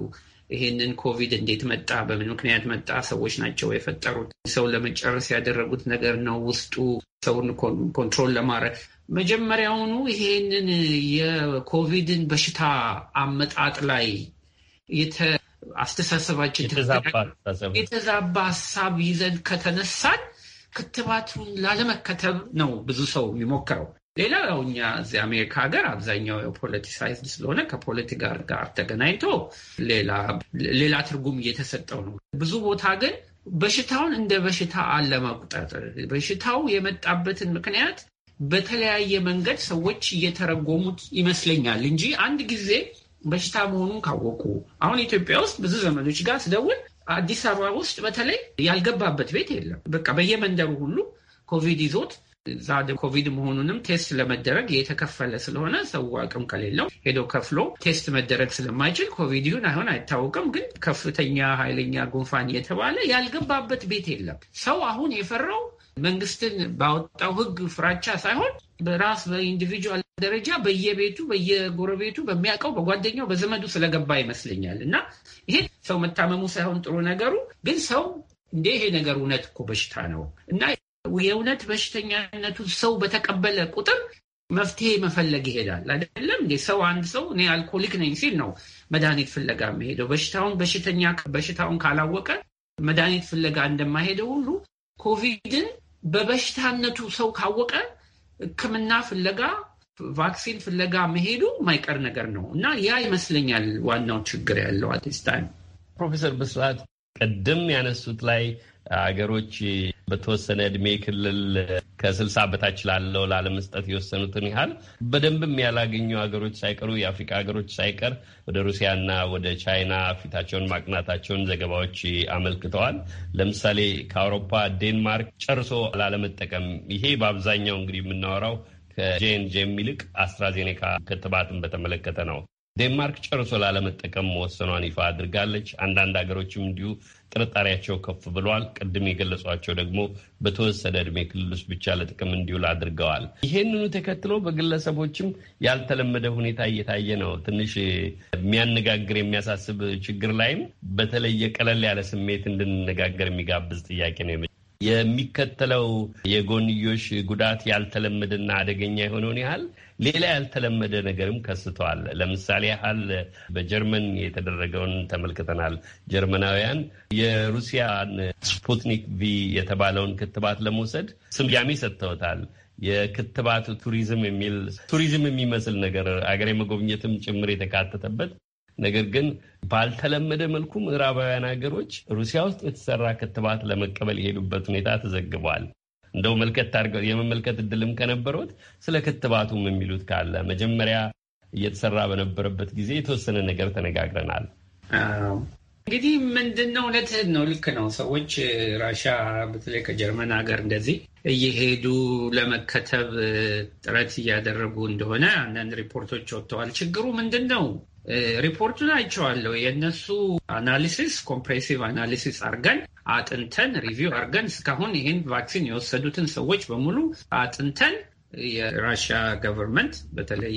ይሄንን ኮቪድ እንዴት መጣ? በምን ምክንያት መጣ? ሰዎች ናቸው የፈጠሩት? ሰው ለመጨረስ ያደረጉት ነገር ነው? ውስጡ ሰውን ኮንትሮል ለማድረግ መጀመሪያውኑ ይሄንን የኮቪድን በሽታ አመጣጥ ላይ አስተሳሰባችን የተዛባ ሀሳብ ይዘን ከተነሳን ክትባቱን ላለመከተብ ነው ብዙ ሰው የሚሞክረው። ሌላው ያው እኛ እዚህ አሜሪካ ሀገር አብዛኛው የፖለቲሳይዝድ ስለሆነ ከፖለቲካ ጋር ተገናኝቶ ሌላ ትርጉም እየተሰጠው ነው። ብዙ ቦታ ግን በሽታውን እንደ በሽታ አለመቁጠር፣ በሽታው የመጣበትን ምክንያት በተለያየ መንገድ ሰዎች እየተረጎሙት ይመስለኛል እንጂ አንድ ጊዜ በሽታ መሆኑን ካወቁ አሁን ኢትዮጵያ ውስጥ ብዙ ዘመዶች ጋር ስደውል አዲስ አበባ ውስጥ በተለይ ያልገባበት ቤት የለም። በቃ በየመንደሩ ሁሉ ኮቪድ ይዞት እዛ ኮቪድ መሆኑንም ቴስት ለመደረግ የተከፈለ ስለሆነ ሰው አቅም ከሌለው ሄዶ ከፍሎ ቴስት መደረግ ስለማይችል ኮቪድ ይሁን አይሆን አይታወቅም፣ ግን ከፍተኛ ኃይለኛ ጉንፋን የተባለ ያልገባበት ቤት የለም። ሰው አሁን የፈራው መንግስትን ባወጣው ህግ ፍራቻ ሳይሆን በራስ በኢንዲቪጁዋል ደረጃ በየቤቱ በየጎረቤቱ በሚያውቀው በጓደኛው በዘመዱ ስለገባ ይመስለኛል። እና ይሄ ሰው መታመሙ ሳይሆን ጥሩ ነገሩ ግን ሰው እንደ ይሄ ነገር እውነት እኮ በሽታ ነው እና የእውነት በሽተኛነቱ ሰው በተቀበለ ቁጥር መፍትሄ መፈለግ ይሄዳል። አይደለም እንዴ? ሰው አንድ ሰው እኔ አልኮሊክ ነኝ ሲል ነው መድኃኒት ፍለጋ የሚሄደው። በሽታውን በሽተኛ በሽታውን ካላወቀ መድኃኒት ፍለጋ እንደማይሄደው ሁሉ ኮቪድን በበሽታነቱ ሰው ካወቀ ሕክምና ፍለጋ ቫክሲን ፍለጋ መሄዱ የማይቀር ነገር ነው እና ያ ይመስለኛል ዋናው ችግር ያለው አዲስ ታይም ፕሮፌሰር ብስራት ቅድም ያነሱት ላይ አገሮች በተወሰነ እድሜ ክልል ከስልሳ በታች ላለው ላለመስጠት የወሰኑትን ያህል በደንብም ያላገኙ ሀገሮች ሳይቀሩ የአፍሪካ ሀገሮች ሳይቀር ወደ ሩሲያና ወደ ቻይና ፊታቸውን ማቅናታቸውን ዘገባዎች አመልክተዋል። ለምሳሌ ከአውሮፓ ዴንማርክ ጨርሶ ላለመጠቀም ይሄ በአብዛኛው እንግዲህ የምናወራው ከጄንጄም ይልቅ አስትራዜኔካ ክትባትን በተመለከተ ነው። ዴንማርክ ጨርሶ ላለመጠቀም መወሰኗን ይፋ አድርጋለች። አንዳንድ ሀገሮችም እንዲሁ ጥርጣሬያቸው ከፍ ብሏል። ቅድም የገለጿቸው ደግሞ በተወሰደ እድሜ ክልል ውስጥ ብቻ ለጥቅም እንዲውል አድርገዋል። ይሄንኑ ተከትሎ በግለሰቦችም ያልተለመደ ሁኔታ እየታየ ነው። ትንሽ የሚያነጋግር የሚያሳስብ ችግር ላይም በተለየ ቀለል ያለ ስሜት እንድንነጋገር የሚጋብዝ ጥያቄ ነው። የሚከተለው የጎንዮሽ ጉዳት ያልተለመደና አደገኛ የሆነውን ያህል ሌላ ያልተለመደ ነገርም ከስተዋል። ለምሳሌ ያህል በጀርመን የተደረገውን ተመልክተናል። ጀርመናውያን የሩሲያን ስፑትኒክ ቪ የተባለውን ክትባት ለመውሰድ ስያሜ ሰጥተውታል። የክትባቱ ቱሪዝም የሚል ቱሪዝም የሚመስል ነገር አገር የመጎብኘትም ጭምር የተካተተበት ነገር ግን ባልተለመደ መልኩ ምዕራባውያን ሀገሮች ሩሲያ ውስጥ የተሰራ ክትባት ለመቀበል የሄዱበት ሁኔታ ተዘግቧል። እንደው መልከት አድርገው የመመልከት እድልም ከነበሩት ስለ ክትባቱም የሚሉት ካለ መጀመሪያ እየተሰራ በነበረበት ጊዜ የተወሰነ ነገር ተነጋግረናል። እንግዲህ ምንድን ነው እውነት ነው፣ ልክ ነው። ሰዎች ራሻ በተለይ ከጀርመን ሀገር እንደዚህ እየሄዱ ለመከተብ ጥረት እያደረጉ እንደሆነ አንዳንድ ሪፖርቶች ወጥተዋል። ችግሩ ምንድን ነው? ሪፖርቱን አይቼዋለሁ። የእነሱ አናሊሲስ ኮምፕሬሲቭ አናሊሲስ አርገን አጥንተን ሪቪው አርገን እስካሁን ይህን ቫክሲን የወሰዱትን ሰዎች በሙሉ አጥንተን የራሽያ ገቨርንመንት በተለይ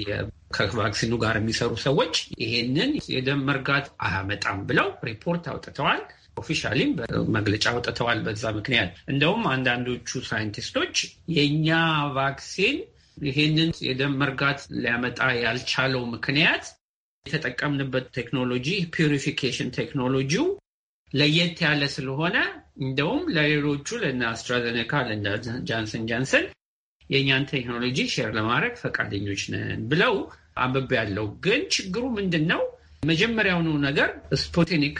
ከቫክሲኑ ጋር የሚሰሩ ሰዎች ይሄንን የደም መርጋት አያመጣም ብለው ሪፖርት አውጥተዋል። ኦፊሻሊም መግለጫ አውጥተዋል። በዛ ምክንያት እንደውም አንዳንዶቹ ሳይንቲስቶች የእኛ ቫክሲን ይሄንን የደም መርጋት ሊያመጣ ያልቻለው ምክንያት የተጠቀምንበት ቴክኖሎጂ ፒሪፊኬሽን ቴክኖሎጂው ለየት ያለ ስለሆነ እንደውም ለሌሎቹ ለእነ አስትራዘኔካ ለእነ ጃንሰን ጃንሰን የእኛን ቴክኖሎጂ ሼር ለማድረግ ፈቃደኞች ነን ብለው አንብብ ያለው ግን ችግሩ ምንድን ነው? መጀመሪያውኑ ነገር ስፑትኒክ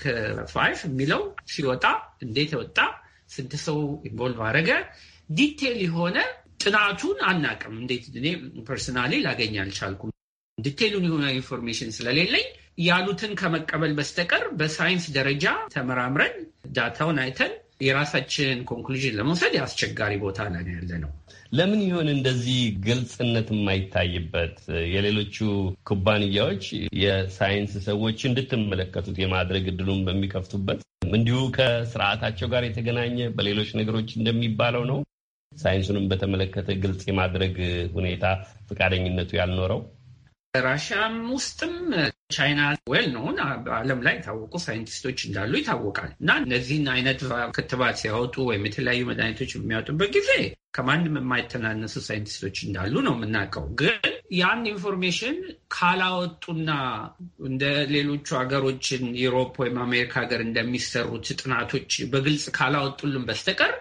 ፋይቭ የሚለው ሲወጣ እንዴት ወጣ፣ ስንት ሰው ኢንቮልቭ አደረገ፣ ዲቴል የሆነ ጥናቱን አናቅም። እንዴት እኔ ፐርሰናሊ ላገኝ አልቻልኩም። ዲቴይሉን የሆነ ኢንፎርሜሽን ስለሌለኝ ያሉትን ከመቀበል በስተቀር በሳይንስ ደረጃ ተመራምረን ዳታውን አይተን የራሳችን ኮንክሉዥን ለመውሰድ የአስቸጋሪ ቦታ ላይ ያለ ነው። ለምን ይሆን እንደዚህ ግልጽነት የማይታይበት? የሌሎቹ ኩባንያዎች የሳይንስ ሰዎች እንድትመለከቱት የማድረግ እድሉን በሚከፍቱበት እንዲሁ ከስርዓታቸው ጋር የተገናኘ በሌሎች ነገሮች እንደሚባለው ነው። ሳይንሱንም በተመለከተ ግልጽ የማድረግ ሁኔታ ፈቃደኝነቱ ያልኖረው ራሽያም ውስጥም ቻይና ዌል ነውን በዓለም ላይ የታወቁ ሳይንቲስቶች እንዳሉ ይታወቃል። እና እነዚህን አይነት ክትባት ሲያወጡ ወይም የተለያዩ መድኃኒቶች በሚያወጡበት ጊዜ ከማንም የማይተናነሱ ሳይንቲስቶች እንዳሉ ነው የምናውቀው። ግን ያን ኢንፎርሜሽን ካላወጡና እንደ ሌሎቹ ሀገሮችን ዩሮፕ ወይም አሜሪካ ሀገር እንደሚሰሩት ጥናቶች በግልጽ ካላወጡልን በስተቀር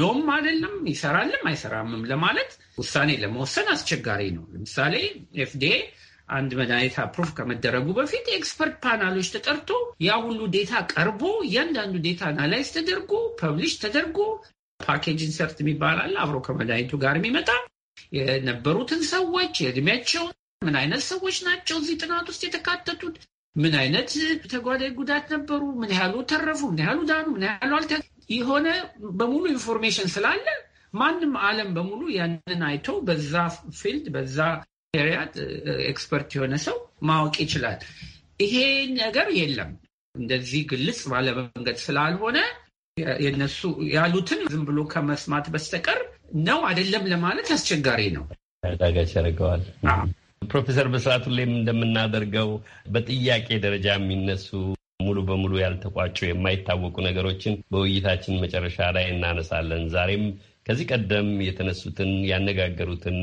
ኖም አይደለም ይሰራልም አይሰራምም ለማለት ውሳኔ ለመወሰን አስቸጋሪ ነው። ለምሳሌ ኤፍዲኤ አንድ መድኃኒት አፕሮቭ ከመደረጉ በፊት ኤክስፐርት ፓናሎች ተጠርቶ ያ ሁሉ ዴታ ቀርቦ እያንዳንዱ ዴታ አናላይዝ ተደርጎ ፐብሊሽ ተደርጎ ፓኬጅ ኢንሰርት የሚባል አለ አብሮ ከመድኃኒቱ ጋር የሚመጣ የነበሩትን ሰዎች የእድሜያቸውን፣ ምን አይነት ሰዎች ናቸው እዚህ ጥናት ውስጥ የተካተቱት፣ ምን አይነት ተጓዳይ ጉዳት ነበሩ፣ ምን ያህሉ ተረፉ፣ ምን ያህሉ ዳኑ፣ ምን ያህሉ አልተ የሆነ በሙሉ ኢንፎርሜሽን ስላለ ማንም ዓለም በሙሉ ያንን አይቶ በዛ ፊልድ በዛ ኤክስፐርት የሆነ ሰው ማወቅ ይችላል። ይሄ ነገር የለም እንደዚህ ግልጽ ባለመንገድ ስላልሆነ የነሱ ያሉትን ዝም ብሎ ከመስማት በስተቀር ነው አይደለም ለማለት አስቸጋሪ ነው። ታጋች ያደርገዋል። ፕሮፌሰር በስርዓቱ ላይም እንደምናደርገው በጥያቄ ደረጃ የሚነሱ ሙሉ በሙሉ ያልተቋጩ የማይታወቁ ነገሮችን በውይይታችን መጨረሻ ላይ እናነሳለን። ዛሬም ከዚህ ቀደም የተነሱትን ያነጋገሩትን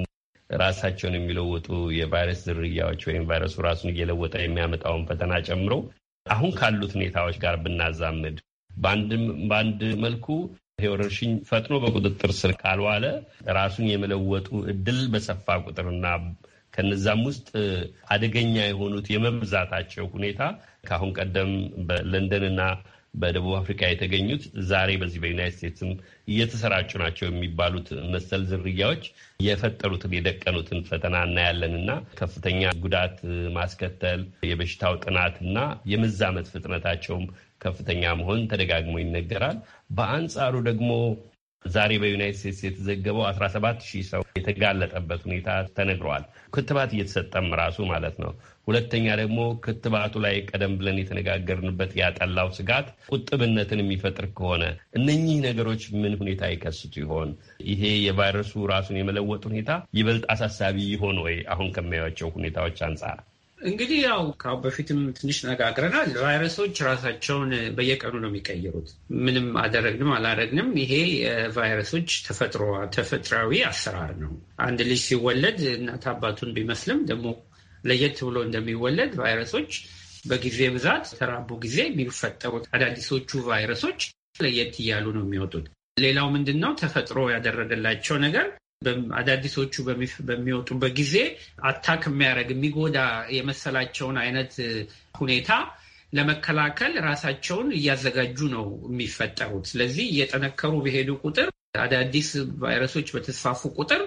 ራሳቸውን የሚለወጡ የቫይረስ ዝርያዎች ወይም ቫይረሱ ራሱን እየለወጠ የሚያመጣውን ፈተና ጨምሮ አሁን ካሉት ሁኔታዎች ጋር ብናዛምድ በአንድ መልኩ ይሄ ወረርሽኝ ፈጥኖ በቁጥጥር ስር ካልዋለ ራሱን የመለወጡ እድል በሰፋ ቁጥርና ከነዛም ውስጥ አደገኛ የሆኑት የመብዛታቸው ሁኔታ ከአሁን ቀደም በለንደንና በደቡብ አፍሪካ የተገኙት ዛሬ በዚህ በዩናይት ስቴትስም እየተሰራጩ ናቸው የሚባሉት መሰል ዝርያዎች የፈጠሩትን የደቀኑትን ፈተና እናያለን እና ከፍተኛ ጉዳት ማስከተል የበሽታው ጥናት እና የመዛመት ፍጥነታቸውም ከፍተኛ መሆን ተደጋግሞ ይነገራል። በአንጻሩ ደግሞ ዛሬ በዩናይት ስቴትስ የተዘገበው 17 ሺህ ሰው የተጋለጠበት ሁኔታ ተነግሯል። ክትባት እየተሰጠም ራሱ ማለት ነው። ሁለተኛ ደግሞ ክትባቱ ላይ ቀደም ብለን የተነጋገርንበት ያጠላው ስጋት ቁጥብነትን የሚፈጥር ከሆነ እነኚህ ነገሮች ምን ሁኔታ ይከስቱ ይሆን? ይሄ የቫይረሱ ራሱን የመለወጥ ሁኔታ ይበልጥ አሳሳቢ ይሆን ወይ? አሁን ከሚያያቸው ሁኔታዎች አንጻር እንግዲህ ያው ከአሁን በፊትም ትንሽ ነጋግረናል። ቫይረሶች ራሳቸውን በየቀኑ ነው የሚቀይሩት። ምንም አደረግንም አላደረግንም፣ ይሄ ቫይረሶች ተፈጥሯዊ አሰራር ነው። አንድ ልጅ ሲወለድ እናት አባቱን ቢመስልም ደግሞ ለየት ብሎ እንደሚወለድ ቫይረሶች በጊዜ ብዛት ተራቡ ጊዜ የሚፈጠሩት አዳዲሶቹ ቫይረሶች ለየት እያሉ ነው የሚወጡት። ሌላው ምንድን ነው ተፈጥሮ ያደረገላቸው ነገር አዳዲሶቹ በሚወጡበት ጊዜ አታክ የሚያደርግ የሚጎዳ የመሰላቸውን አይነት ሁኔታ ለመከላከል ራሳቸውን እያዘጋጁ ነው የሚፈጠሩት። ስለዚህ እየጠነከሩ በሄዱ ቁጥር አዳዲስ ቫይረሶች በተስፋፉ ቁጥር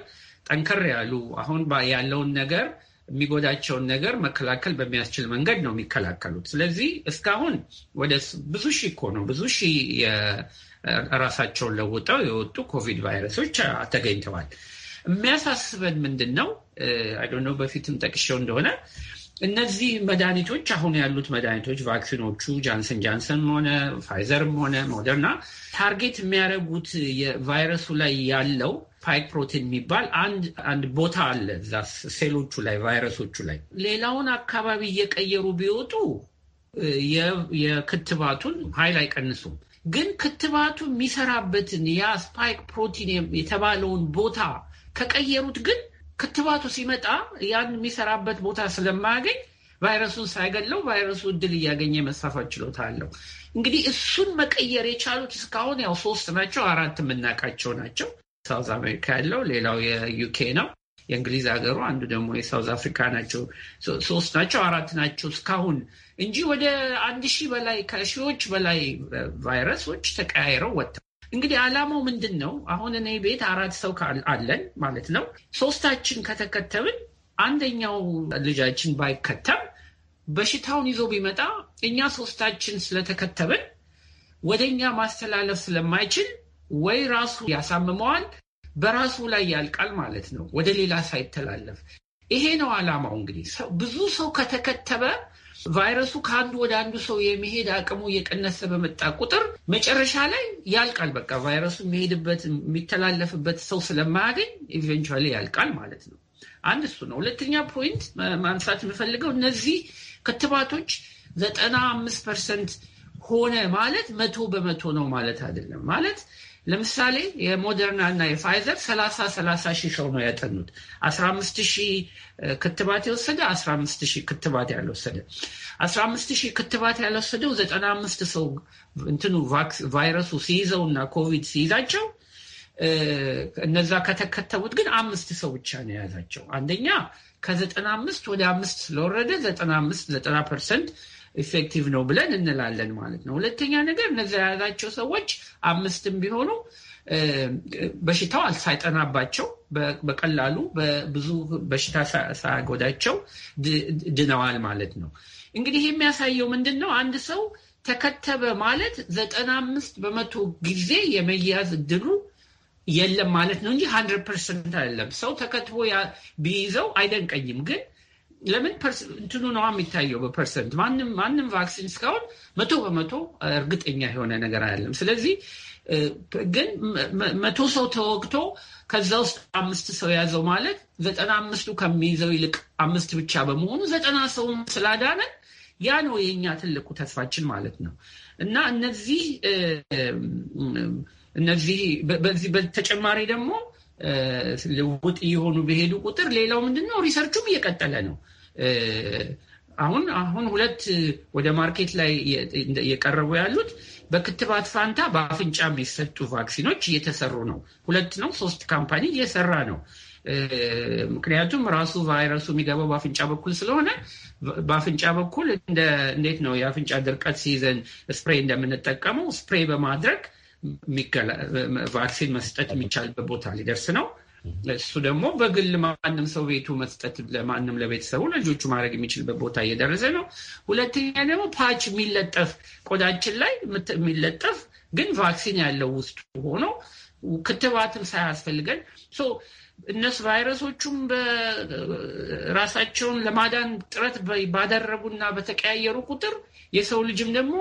ጠንከር ያሉ አሁን ያለውን ነገር የሚጎዳቸውን ነገር መከላከል በሚያስችል መንገድ ነው የሚከላከሉት። ስለዚህ እስካሁን ወደ ብዙ ሺህ እኮ ነው ብዙ ሺህ ራሳቸውን ለውጠው የወጡ ኮቪድ ቫይረሶች ተገኝተዋል። የሚያሳስበን ምንድን ነው? አይ በፊትም ጠቅሼው እንደሆነ እነዚህ መድኃኒቶች አሁን ያሉት መድኃኒቶች ቫክሲኖቹ ጃንሰን ጃንሰን ሆነ ፋይዘርም ሆነ ሞደርና ታርጌት የሚያደርጉት የቫይረሱ ላይ ያለው ስፓይክ ፕሮቲን የሚባል አንድ አንድ ቦታ አለ እዛ ሴሎቹ ላይ ቫይረሶቹ ላይ። ሌላውን አካባቢ እየቀየሩ ቢወጡ የክትባቱን ኃይል አይቀንሱም። ግን ክትባቱ የሚሰራበትን ያ ስፓይክ ፕሮቲን የተባለውን ቦታ ከቀየሩት ግን ክትባቱ ሲመጣ ያን የሚሰራበት ቦታ ስለማያገኝ ቫይረሱን ሳይገለው ቫይረሱ እድል እያገኘ መስፋፋት ችሎታ አለው። እንግዲህ እሱን መቀየር የቻሉት እስካሁን ያው ሶስት ናቸው፣ አራት የምናውቃቸው ናቸው። ሳውዝ አሜሪካ ያለው፣ ሌላው የዩኬ ነው። የእንግሊዝ ሀገሩ አንዱ ደግሞ የሳውዝ አፍሪካ ናቸው። ሶስት ናቸው አራት ናቸው እስካሁን እንጂ ወደ አንድ ሺህ በላይ ከሺዎች በላይ ቫይረሶች ተቀያይረው ወጥተው እንግዲህ አላማው ምንድን ነው? አሁን እኔ ቤት አራት ሰው አለን ማለት ነው። ሶስታችን ከተከተብን አንደኛው ልጃችን ባይከተም በሽታውን ይዞ ቢመጣ እኛ ሶስታችን ስለተከተብን ወደ እኛ ማስተላለፍ ስለማይችል ወይ ራሱ ያሳምመዋል፣ በራሱ ላይ ያልቃል ማለት ነው፣ ወደ ሌላ ሳይተላለፍ። ይሄ ነው ዓላማው። እንግዲህ ብዙ ሰው ከተከተበ ቫይረሱ ከአንዱ ወደ አንዱ ሰው የሚሄድ አቅሙ እየቀነሰ በመጣ ቁጥር መጨረሻ ላይ ያልቃል። በቃ ቫይረሱ የሚሄድበት የሚተላለፍበት ሰው ስለማያገኝ ኢቨንቹዋሊ ያልቃል ማለት ነው። አንድ እሱ ነው። ሁለተኛ ፖይንት ማንሳት የምፈልገው እነዚህ ክትባቶች ዘጠና አምስት ፐርሰንት ሆነ ማለት መቶ በመቶ ነው ማለት አይደለም። ማለት ለምሳሌ የሞደርና እና የፋይዘር ሰላሳ ሰላሳ ሺህ ሰው ነው ያጠኑት። አስራ አምስት ሺህ ክትባት የወሰደ አስራ አምስት ሺህ ክትባት ያልወሰደ አስራ አምስት ሺህ ክትባት ያልወሰደው ዘጠና አምስት ሰው እንትኑ ቫይረሱ ሲይዘው እና ኮቪድ ሲይዛቸው እነዛ ከተከተቡት ግን አምስት ሰው ብቻ ነው የያዛቸው። አንደኛ ከዘጠና አምስት ወደ አምስት ስለወረደ ዘጠና አምስት ዘጠና ፐርሰንት ኢፌክቲቭ ነው ብለን እንላለን ማለት ነው። ሁለተኛ ነገር እነዚያ የያዛቸው ሰዎች አምስትም ቢሆኑ በሽታው ሳይጠናባቸው በቀላሉ በብዙ በሽታ ሳያጎዳቸው ድነዋል ማለት ነው። እንግዲህ የሚያሳየው ምንድን ነው? አንድ ሰው ተከተበ ማለት ዘጠና አምስት በመቶ ጊዜ የመያዝ እድሉ የለም ማለት ነው እንጂ ሀንድረድ ፐርሰንት አይደለም። ሰው ተከትቦ ቢይዘው አይደንቀኝም ግን ለምን እንትኑ ነዋ የሚታየው በፐርሰንት ማንም ማንም ቫክሲን እስካሁን መቶ በመቶ እርግጠኛ የሆነ ነገር አይደለም። ስለዚህ ግን መቶ ሰው ተወግቶ ከዛ ውስጥ አምስት ሰው ያዘው ማለት ዘጠና አምስቱ ከሚይዘው ይልቅ አምስት ብቻ በመሆኑ ዘጠና ሰው ስላዳነን ያ ነው የእኛ ትልቁ ተስፋችን ማለት ነው እና እነዚህ እነዚህ በዚህ በተጨማሪ ደግሞ ልውጥ እየሆኑ በሄዱ ቁጥር ሌላው ምንድነው ሪሰርቹም እየቀጠለ ነው። አሁን አሁን ሁለት ወደ ማርኬት ላይ እየቀረቡ ያሉት በክትባት ፋንታ በአፍንጫ የሚሰጡ ቫክሲኖች እየተሰሩ ነው። ሁለት ነው ሶስት ካምፓኒ እየሰራ ነው። ምክንያቱም ራሱ ቫይረሱ የሚገባው በአፍንጫ በኩል ስለሆነ በአፍንጫ በኩል እንዴት ነው የአፍንጫ ድርቀት ሲይዘን ስፕሬይ እንደምንጠቀመው ስፕሬይ በማድረግ ቫክሲን መስጠት የሚቻልበት ቦታ ሊደርስ ነው። እሱ ደግሞ በግል ማንም ሰው ቤቱ መስጠት ለማንም ለቤተሰቡ ልጆቹ ማድረግ የሚችልበት ቦታ እየደረሰ ነው። ሁለተኛ ደግሞ ፓች የሚለጠፍ ቆዳችን ላይ የሚለጠፍ ግን ቫክሲን ያለው ውስጡ ሆኖ ክትባትም ሳያስፈልገን እነሱ ቫይረሶቹም ራሳቸውን ለማዳን ጥረት ባደረጉና በተቀያየሩ ቁጥር የሰው ልጅም ደግሞ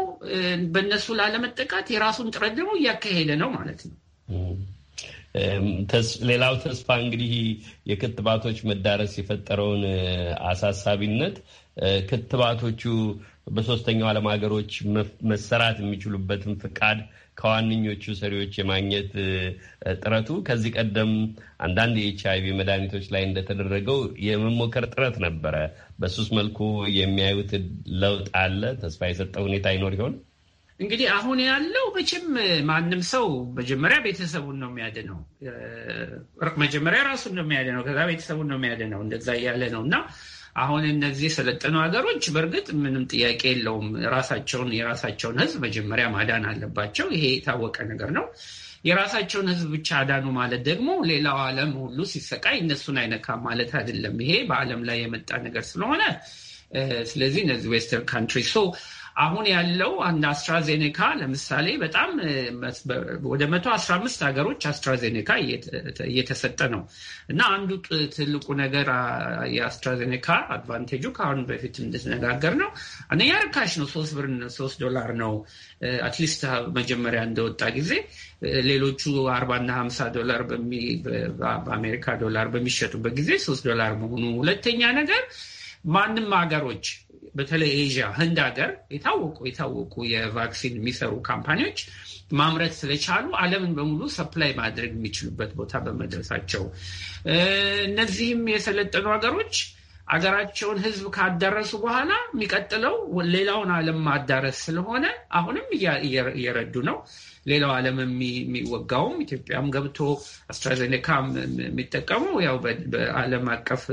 በእነሱ ላለመጠቃት የራሱን ጥረት ደግሞ እያካሄደ ነው ማለት ነው። ሌላው ተስፋ እንግዲህ የክትባቶች መዳረስ የፈጠረውን አሳሳቢነት ክትባቶቹ በሶስተኛው ዓለም ሀገሮች መሰራት የሚችሉበትን ፍቃድ ከዋነኞቹ ሰሪዎች የማግኘት ጥረቱ ከዚህ ቀደም አንዳንድ የኤች አይቪ መድኃኒቶች ላይ እንደተደረገው የመሞከር ጥረት ነበረ። በሱስ መልኩ የሚያዩት ለውጥ አለ? ተስፋ የሰጠ ሁኔታ ይኖር ይሆን? እንግዲህ አሁን ያለው መቼም ማንም ሰው መጀመሪያ ቤተሰቡን ነው የሚያድነው። መጀመሪያ ራሱን ነው የሚያድነው፣ ከዛ ቤተሰቡን ነው የሚያድነው። እንደዛ እያለ ነው እና አሁን እነዚህ የሰለጠኑ ሀገሮች በእርግጥ ምንም ጥያቄ የለውም ራሳቸውን የራሳቸውን ሕዝብ መጀመሪያ ማዳን አለባቸው። ይሄ የታወቀ ነገር ነው። የራሳቸውን ሕዝብ ብቻ አዳኑ ማለት ደግሞ ሌላው ዓለም ሁሉ ሲሰቃይ እነሱን አይነካም ማለት አይደለም። ይሄ በዓለም ላይ የመጣ ነገር ስለሆነ ስለዚህ እነዚህ ዌስተርን ካንትሪ አሁን ያለው አንድ አስትራዜኔካ ለምሳሌ በጣም ወደ መቶ አስራ አምስት ሀገሮች አስትራዜኔካ እየተሰጠ ነው እና አንዱ ትልቁ ነገር የአስትራዜኔካ አድቫንቴጁ ከአሁን በፊት እንደተነጋገር ነው። አንደኛ ያርካሽ ነው፣ ሶስት ብር ሶስት ዶላር ነው። አትሊስት መጀመሪያ እንደወጣ ጊዜ ሌሎቹ አርባና ሀምሳ ዶላር በአሜሪካ ዶላር በሚሸጡበት ጊዜ ሶስት ዶላር መሆኑ። ሁለተኛ ነገር ማንም ሀገሮች በተለይ ኤዥያ ህንድ ሀገር የታወቁ የታወቁ የቫክሲን የሚሰሩ ካምፓኒዎች ማምረት ስለቻሉ ዓለምን በሙሉ ሰፕላይ ማድረግ የሚችሉበት ቦታ በመድረሳቸው እነዚህም የሰለጠኑ ሀገሮች አገራቸውን ህዝብ ካዳረሱ በኋላ የሚቀጥለው ሌላውን ዓለም ማዳረስ ስለሆነ አሁንም እየረዱ ነው። ሌላው ዓለም የሚወጋውም ኢትዮጵያም ገብቶ አስትራዜኔካም የሚጠቀመው ያው በዓለም አቀፍ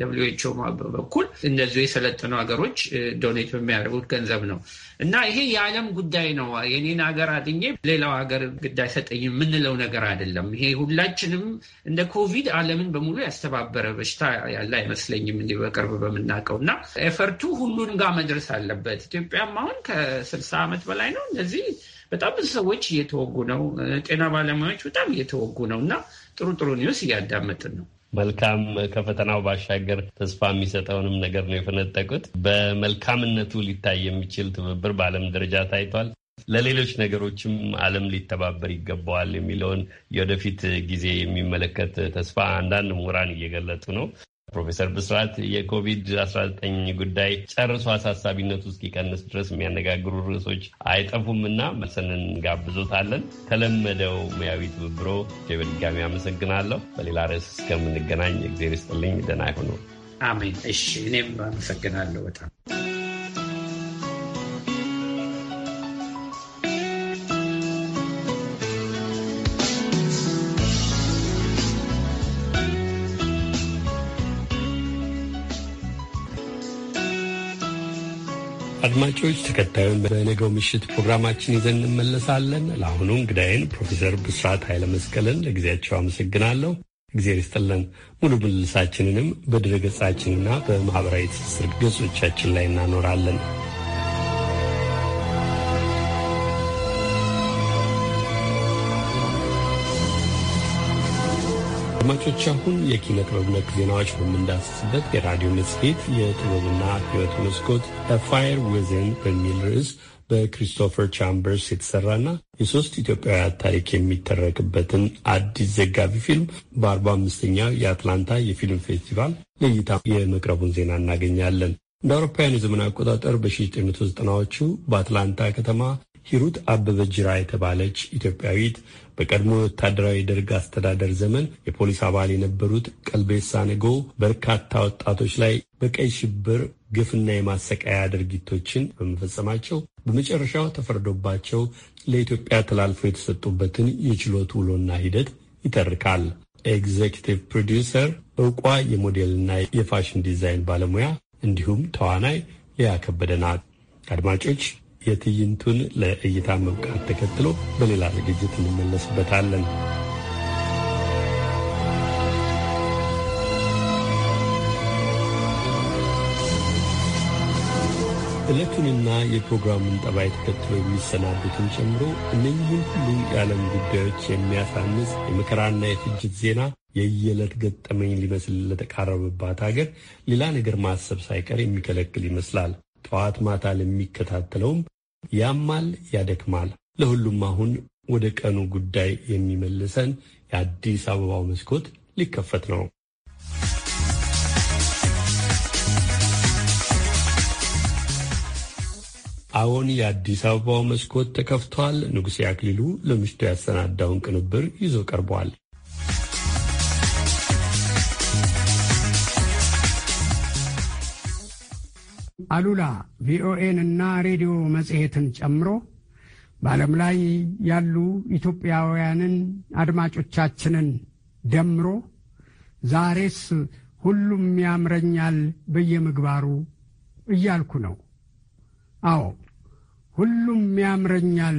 ደብሊው ኤች ኦ በኩል እነዚሁ የሰለጠኑ ሀገሮች ዶኔት በሚያደርጉት ገንዘብ ነው እና ይሄ የዓለም ጉዳይ ነው። የኔን ሀገር አድኜ ሌላው ሀገር ግድ አይሰጠኝም የምንለው ነገር አይደለም። ይሄ ሁላችንም እንደ ኮቪድ ዓለምን በሙሉ ያስተባበረ በሽታ ያለ አይመስለኝም እንዲህ በቅርብ በምናውቀው እና ኤፈርቱ ሁሉን ጋር መድረስ አለበት። ኢትዮጵያም አሁን ከስልሳ ዓመት በላይ ነው እነዚህ በጣም ብዙ ሰዎች እየተወጉ ነው። ጤና ባለሙያዎች በጣም እየተወጉ ነው እና ጥሩ ጥሩ ኒውስ እያዳመጥን ነው። መልካም ከፈተናው ባሻገር ተስፋ የሚሰጠውንም ነገር ነው የፈነጠቁት። በመልካምነቱ ሊታይ የሚችል ትብብር በዓለም ደረጃ ታይቷል። ለሌሎች ነገሮችም ዓለም ሊተባበር ይገባዋል የሚለውን የወደፊት ጊዜ የሚመለከት ተስፋ አንዳንድ ምሁራን እየገለጡ ነው። ፕሮፌሰር ብስራት የኮቪድ-19 ጉዳይ ጨርሶ አሳሳቢነቱ እስኪቀንስ ድረስ የሚያነጋግሩ ርዕሶች አይጠፉም እና መልሰን እንጋብዞታለን። ከለመደው ሙያዊ ትብብሮ በድጋሚ አመሰግናለሁ። በሌላ ርዕስ እስከምንገናኝ እግዜር ይስጥልኝ። ደህና ይሁኑ። አሜን። እሺ፣ እኔም አመሰግናለሁ በጣም አድማጮች ተከታዩን በነገው ምሽት ፕሮግራማችን ይዘን እንመለሳለን። ለአሁኑ እንግዳይን ፕሮፌሰር ብስራት ኃይለ መስቀልን ለጊዜያቸው አመሰግናለሁ። እግዜር ይስጥልን። ሙሉ ምልልሳችንንም በድረገጻችንና በማኅበራዊ ትስስር ገጾቻችን ላይ እናኖራለን። አድማጮች አሁን የኪነ ጥበብ ነክ ዜናዎች በምንዳስስበት የራዲዮ መጽሔት የጥበብና ህይወት መስኮት ፋየር ወዘን በሚል ርዕስ በክሪስቶፈር ቻምበርስ የተሰራና የሶስት ኢትዮጵያውያን ታሪክ የሚተረክበትን አዲስ ዘጋቢ ፊልም በአርባ አምስተኛው የአትላንታ የፊልም ፌስቲቫል ለእይታ የመቅረቡን ዜና እናገኛለን። እንደ አውሮፓውያን የዘመን አቆጣጠር በ1990ዎቹ በአትላንታ ከተማ ሂሩት አበበ ጅራ የተባለች ኢትዮጵያዊት በቀድሞ ወታደራዊ ደርግ አስተዳደር ዘመን የፖሊስ አባል የነበሩት ቀልቤሳ ነጎ በርካታ ወጣቶች ላይ በቀይ ሽብር ግፍና የማሰቃያ ድርጊቶችን በመፈጸማቸው በመጨረሻው ተፈርዶባቸው ለኢትዮጵያ ተላልፎ የተሰጡበትን የችሎት ውሎና ሂደት ይተርካል። ኤግዜኪቲቭ ፕሮዲውሰር እውቋ የሞዴልና የፋሽን ዲዛይን ባለሙያ እንዲሁም ተዋናይ ሊያ ከበደ ናት። አድማጮች የትዕይንቱን ለእይታ መብቃት ተከትሎ በሌላ ዝግጅት እንመለስበታለን። ዕለቱንና የፕሮግራሙን ጠባይ ተከትሎ የሚሰናዱትን ጨምሮ እነኝህን ሁሉ የዓለም ጉዳዮች የሚያሳንስ የመከራና የፍጅት ዜና የየዕለት ገጠመኝ ሊመስል ለተቃረበባት ሀገር ሌላ ነገር ማሰብ ሳይቀር የሚከለክል ይመስላል። ጠዋት ማታ ለሚከታተለውም ያማል፣ ያደክማል። ለሁሉም አሁን ወደ ቀኑ ጉዳይ የሚመልሰን የአዲስ አበባው መስኮት ሊከፈት ነው። አሁን የአዲስ አበባው መስኮት ተከፍቷል። ንጉሴ አክሊሉ ለምሽቱ ያሰናዳውን ቅንብር ይዞ ቀርቧል። አሉላ ቪኦኤን እና ሬዲዮ መጽሔትን ጨምሮ በዓለም ላይ ያሉ ኢትዮጵያውያንን አድማጮቻችንን ደምሮ ዛሬስ ሁሉም ያምረኛል በየምግባሩ እያልኩ ነው። አዎ ሁሉም ያምረኛል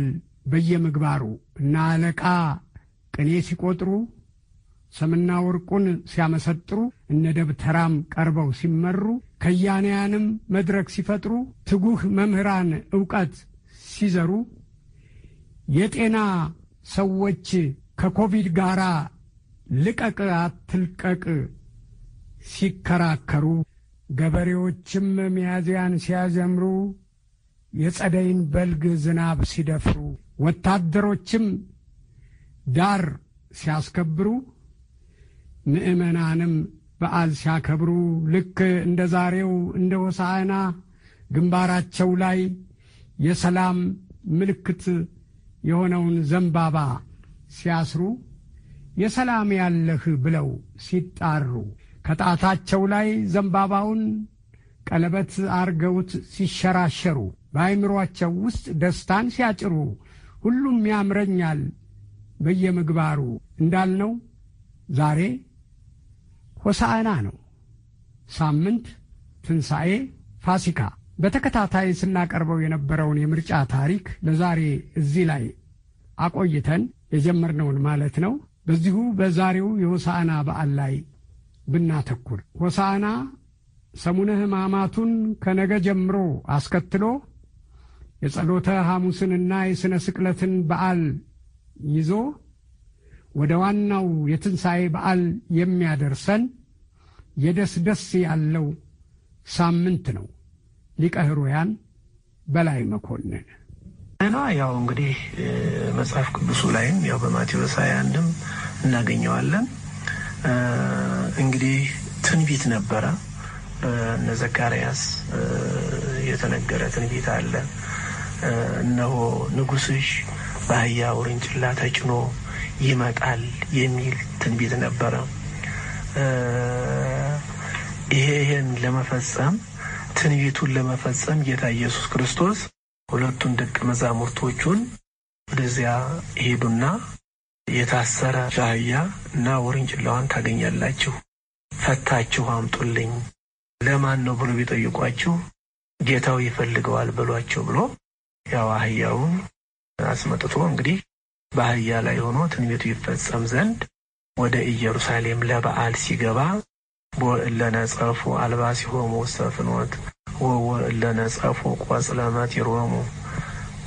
በየምግባሩ እና አለቃ ቅኔ ሲቆጥሩ ሰምና ወርቁን ሲያመሰጥሩ እነ ደብተራም ቀርበው ሲመሩ ከያንያንም መድረክ ሲፈጥሩ፣ ትጉህ መምህራን እውቀት ሲዘሩ፣ የጤና ሰዎች ከኮቪድ ጋር ልቀቅ አትልቀቅ ሲከራከሩ፣ ገበሬዎችም ሚያዝያን ሲያዘምሩ፣ የጸደይን በልግ ዝናብ ሲደፍሩ፣ ወታደሮችም ዳር ሲያስከብሩ፣ ምዕመናንም በዓል ሲያከብሩ ልክ እንደ ዛሬው እንደ ሆሳዕና ግንባራቸው ላይ የሰላም ምልክት የሆነውን ዘንባባ ሲያስሩ የሰላም ያለህ ብለው ሲጣሩ ከጣታቸው ላይ ዘንባባውን ቀለበት አርገውት ሲሸራሸሩ በአይምሮአቸው ውስጥ ደስታን ሲያጭሩ ሁሉም ያምረኛል በየምግባሩ እንዳልነው ዛሬ ሆሳዕና ነው። ሳምንት፣ ትንሣኤ፣ ፋሲካ በተከታታይ ስናቀርበው የነበረውን የምርጫ ታሪክ ለዛሬ እዚህ ላይ አቆይተን የጀመርነውን ማለት ነው በዚሁ በዛሬው የሆሳዕና በዓል ላይ ብናተኩር ሆሳዕና ሰሙነ ሕማማቱን ከነገ ጀምሮ አስከትሎ የጸሎተ ሐሙስንና የሥነ ስቅለትን በዓል ይዞ ወደ ዋናው የትንሣኤ በዓል የሚያደርሰን የደስ ደስ ያለው ሳምንት ነው። ሊቀ ሕሩያን በላይ መኮንን ሌላ ያው እንግዲህ መጽሐፍ ቅዱሱ ላይም ያው በማቴዎስ ሃያ አንድም እናገኘዋለን። እንግዲህ ትንቢት ነበረ እነ ዘካርያስ የተነገረ ትንቢት አለ። እነሆ ንጉስሽ በአህያ ውርንጭላ ተጭኖ ይመጣል የሚል ትንቢት ነበረ። ይሄ ይሄን ለመፈጸም ትንቢቱን ለመፈጸም ጌታ ኢየሱስ ክርስቶስ ሁለቱን ደቀ መዛሙርቶቹን ወደዚያ ሄዱና የታሰረ አህያ እና ውርንጭላዋን ታገኛላችሁ፣ ፈታችሁ አምጡልኝ። ለማን ነው ብሎ ቢጠይቋችሁ ጌታው ይፈልገዋል በሏቸው ብሎ ያው አህያውን አስመጥቶ እንግዲህ በአህያ ላይ ሆኖ ትንቢቱ ይፈጸም ዘንድ ወደ ኢየሩሳሌም ለበዓል ሲገባ ወእለነጸፉ አልባሲሆሙ ውስተ ፍኖት ወወእለነጸፉ ቆጽለመት ይሮሙ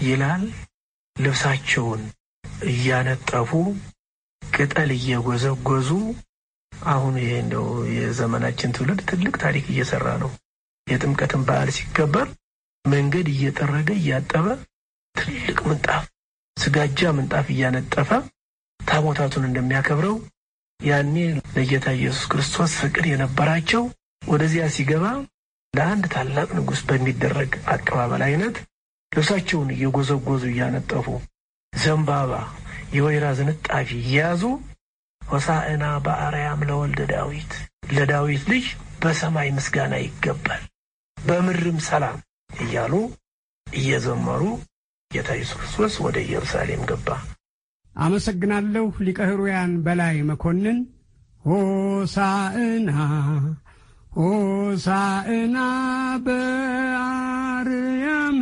ይላል። ልብሳቸውን እያነጠፉ ቅጠል እየጎዘጎዙ አሁን ይሄ እንደው የዘመናችን ትውልድ ትልቅ ታሪክ እየሰራ ነው። የጥምቀትን በዓል ሲከበር መንገድ እየጠረገ እያጠበ ትልቅ ምንጣፍ ስጋጃ ምንጣፍ እያነጠፈ ታቦታቱን እንደሚያከብረው ያኔ ለጌታ ኢየሱስ ክርስቶስ ፍቅር የነበራቸው ወደዚያ ሲገባ ለአንድ ታላቅ ንጉሥ በሚደረግ አቀባበል አይነት ልብሳቸውን እየጎዘጎዙ እያነጠፉ ዘንባባ፣ የወይራ ዝንጣፊ እየያዙ ሆሳዕና በአርያም ለወልደ ዳዊት ለዳዊት ልጅ በሰማይ ምስጋና ይገባል በምድርም ሰላም እያሉ እየዘመሩ ጌታ ኢየሱስ ክርስቶስ ወደ ኢየሩሳሌም ገባ። አመሰግናለሁ። ሊቀ ሕሩያን በላይ መኮንን ሆሳዕና ሆሳዕና በአርያም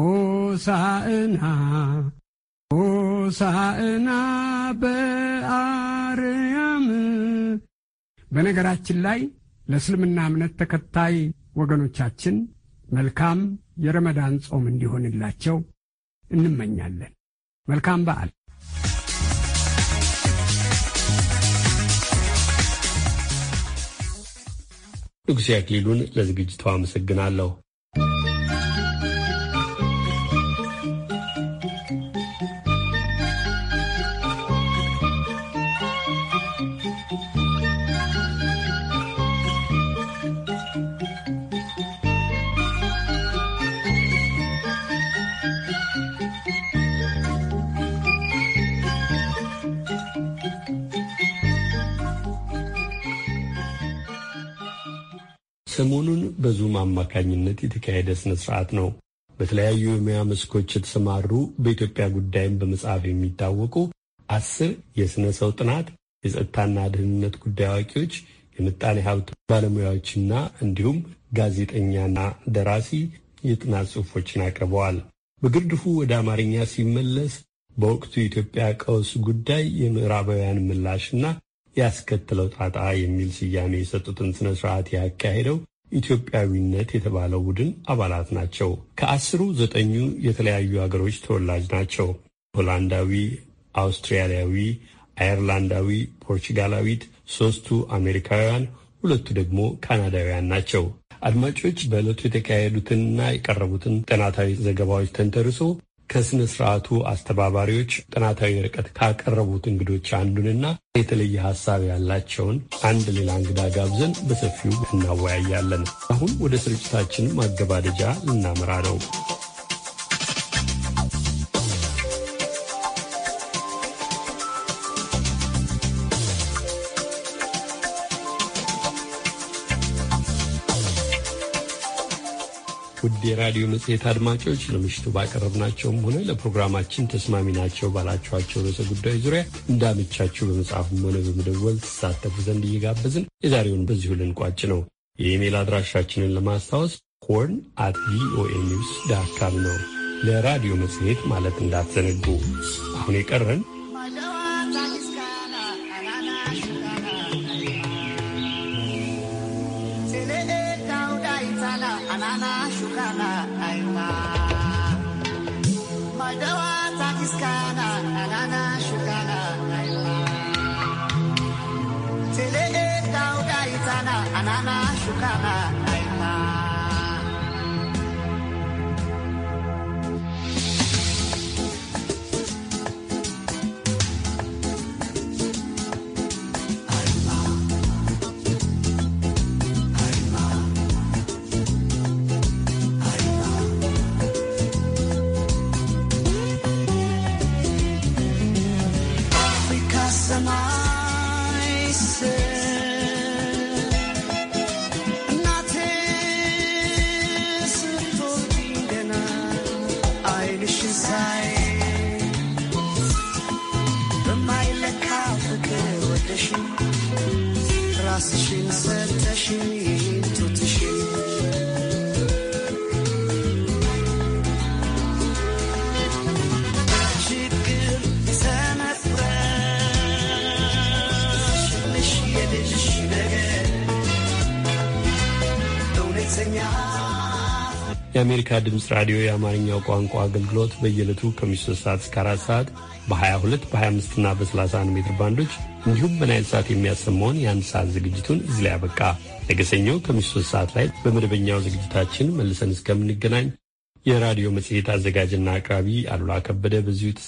ሆሳዕና ሆሳዕና በአርያም። በነገራችን ላይ ለእስልምና እምነት ተከታይ ወገኖቻችን መልካም የረመዳን ጾም እንዲሆንላቸው እንመኛለን። መልካም በዓል። ንጉሴ አክሊሉን ለዝግጅቱ አመሰግናለሁ። ሰሞኑን በዙም አማካኝነት የተካሄደ ስነ ስርዓት ነው። በተለያዩ የሙያ መስኮች የተሰማሩ በኢትዮጵያ ጉዳይም በመጽሐፍ የሚታወቁ አስር የሥነ ሰው ጥናት፣ የጸጥታና ደህንነት ጉዳይ አዋቂዎች፣ የምጣኔ ሀብት ባለሙያዎችና እንዲሁም ጋዜጠኛና ደራሲ የጥናት ጽሑፎችን አቅርበዋል። በግርድፉ ወደ አማርኛ ሲመለስ በወቅቱ የኢትዮጵያ ቀውስ ጉዳይ የምዕራባውያን ምላሽና ያስከትለው ጣጣ የሚል ስያሜ የሰጡትን ስነ ስርዓት ያካሄደው ኢትዮጵያዊነት የተባለው ቡድን አባላት ናቸው። ከአስሩ ዘጠኙ የተለያዩ ሀገሮች ተወላጅ ናቸው። ሆላንዳዊ፣ አውስትራሊያዊ፣ አየርላንዳዊ፣ ፖርቹጋላዊት፣ ሶስቱ አሜሪካውያን፣ ሁለቱ ደግሞ ካናዳውያን ናቸው። አድማጮች በዕለቱ የተካሄዱትንና የቀረቡትን ጥናታዊ ዘገባዎች ተንተርሶ ከስነ ስርዓቱ አስተባባሪዎች ጥናታዊ ርቀት ካቀረቡት እንግዶች አንዱንና የተለየ ሀሳብ ያላቸውን አንድ ሌላ እንግዳ ጋብዘን በሰፊው እናወያያለን። አሁን ወደ ስርጭታችን ማገባደጃ ልናመራ ነው። ውድ የራዲዮ መጽሔት አድማጮች ለምሽቱ ባቀረብናቸውም ሆነ ለፕሮግራማችን ተስማሚ ናቸው ባላችኋቸው ርዕሰ ጉዳዮች ዙሪያ እንዳመቻችሁ በመጽሐፍም ሆነ በመደወል ትሳተፉ ዘንድ እየጋበዝን የዛሬውን በዚሁ ልንቋጭ ነው። የኢሜል አድራሻችንን ለማስታወስ ሆርን አት ቪኦኤ ኒውስ ዳት ካም ነው። ለራዲዮ መጽሔት ማለት እንዳትዘነጉ። አሁን የቀረን Shukanana, Shukana. said that she የአሜሪካ ድምፅ ራዲዮ የአማርኛው ቋንቋ አገልግሎት በየዕለቱ ከምሽቱ 3 ሰዓት እስከ 4 ሰዓት በ22 በ25 እና በ31 ሜትር ባንዶች እንዲሁም በናይል ሰዓት የሚያሰማውን የአንድ ሰዓት ዝግጅቱን እዚ ላይ ያበቃ። ነገ ሰኞ ከምሽቱ 3 ሰዓት ላይ በመደበኛው ዝግጅታችን መልሰን እስከምንገናኝ የራዲዮ መጽሔት አዘጋጅና አቅራቢ አሉላ ከበደ በዚሁ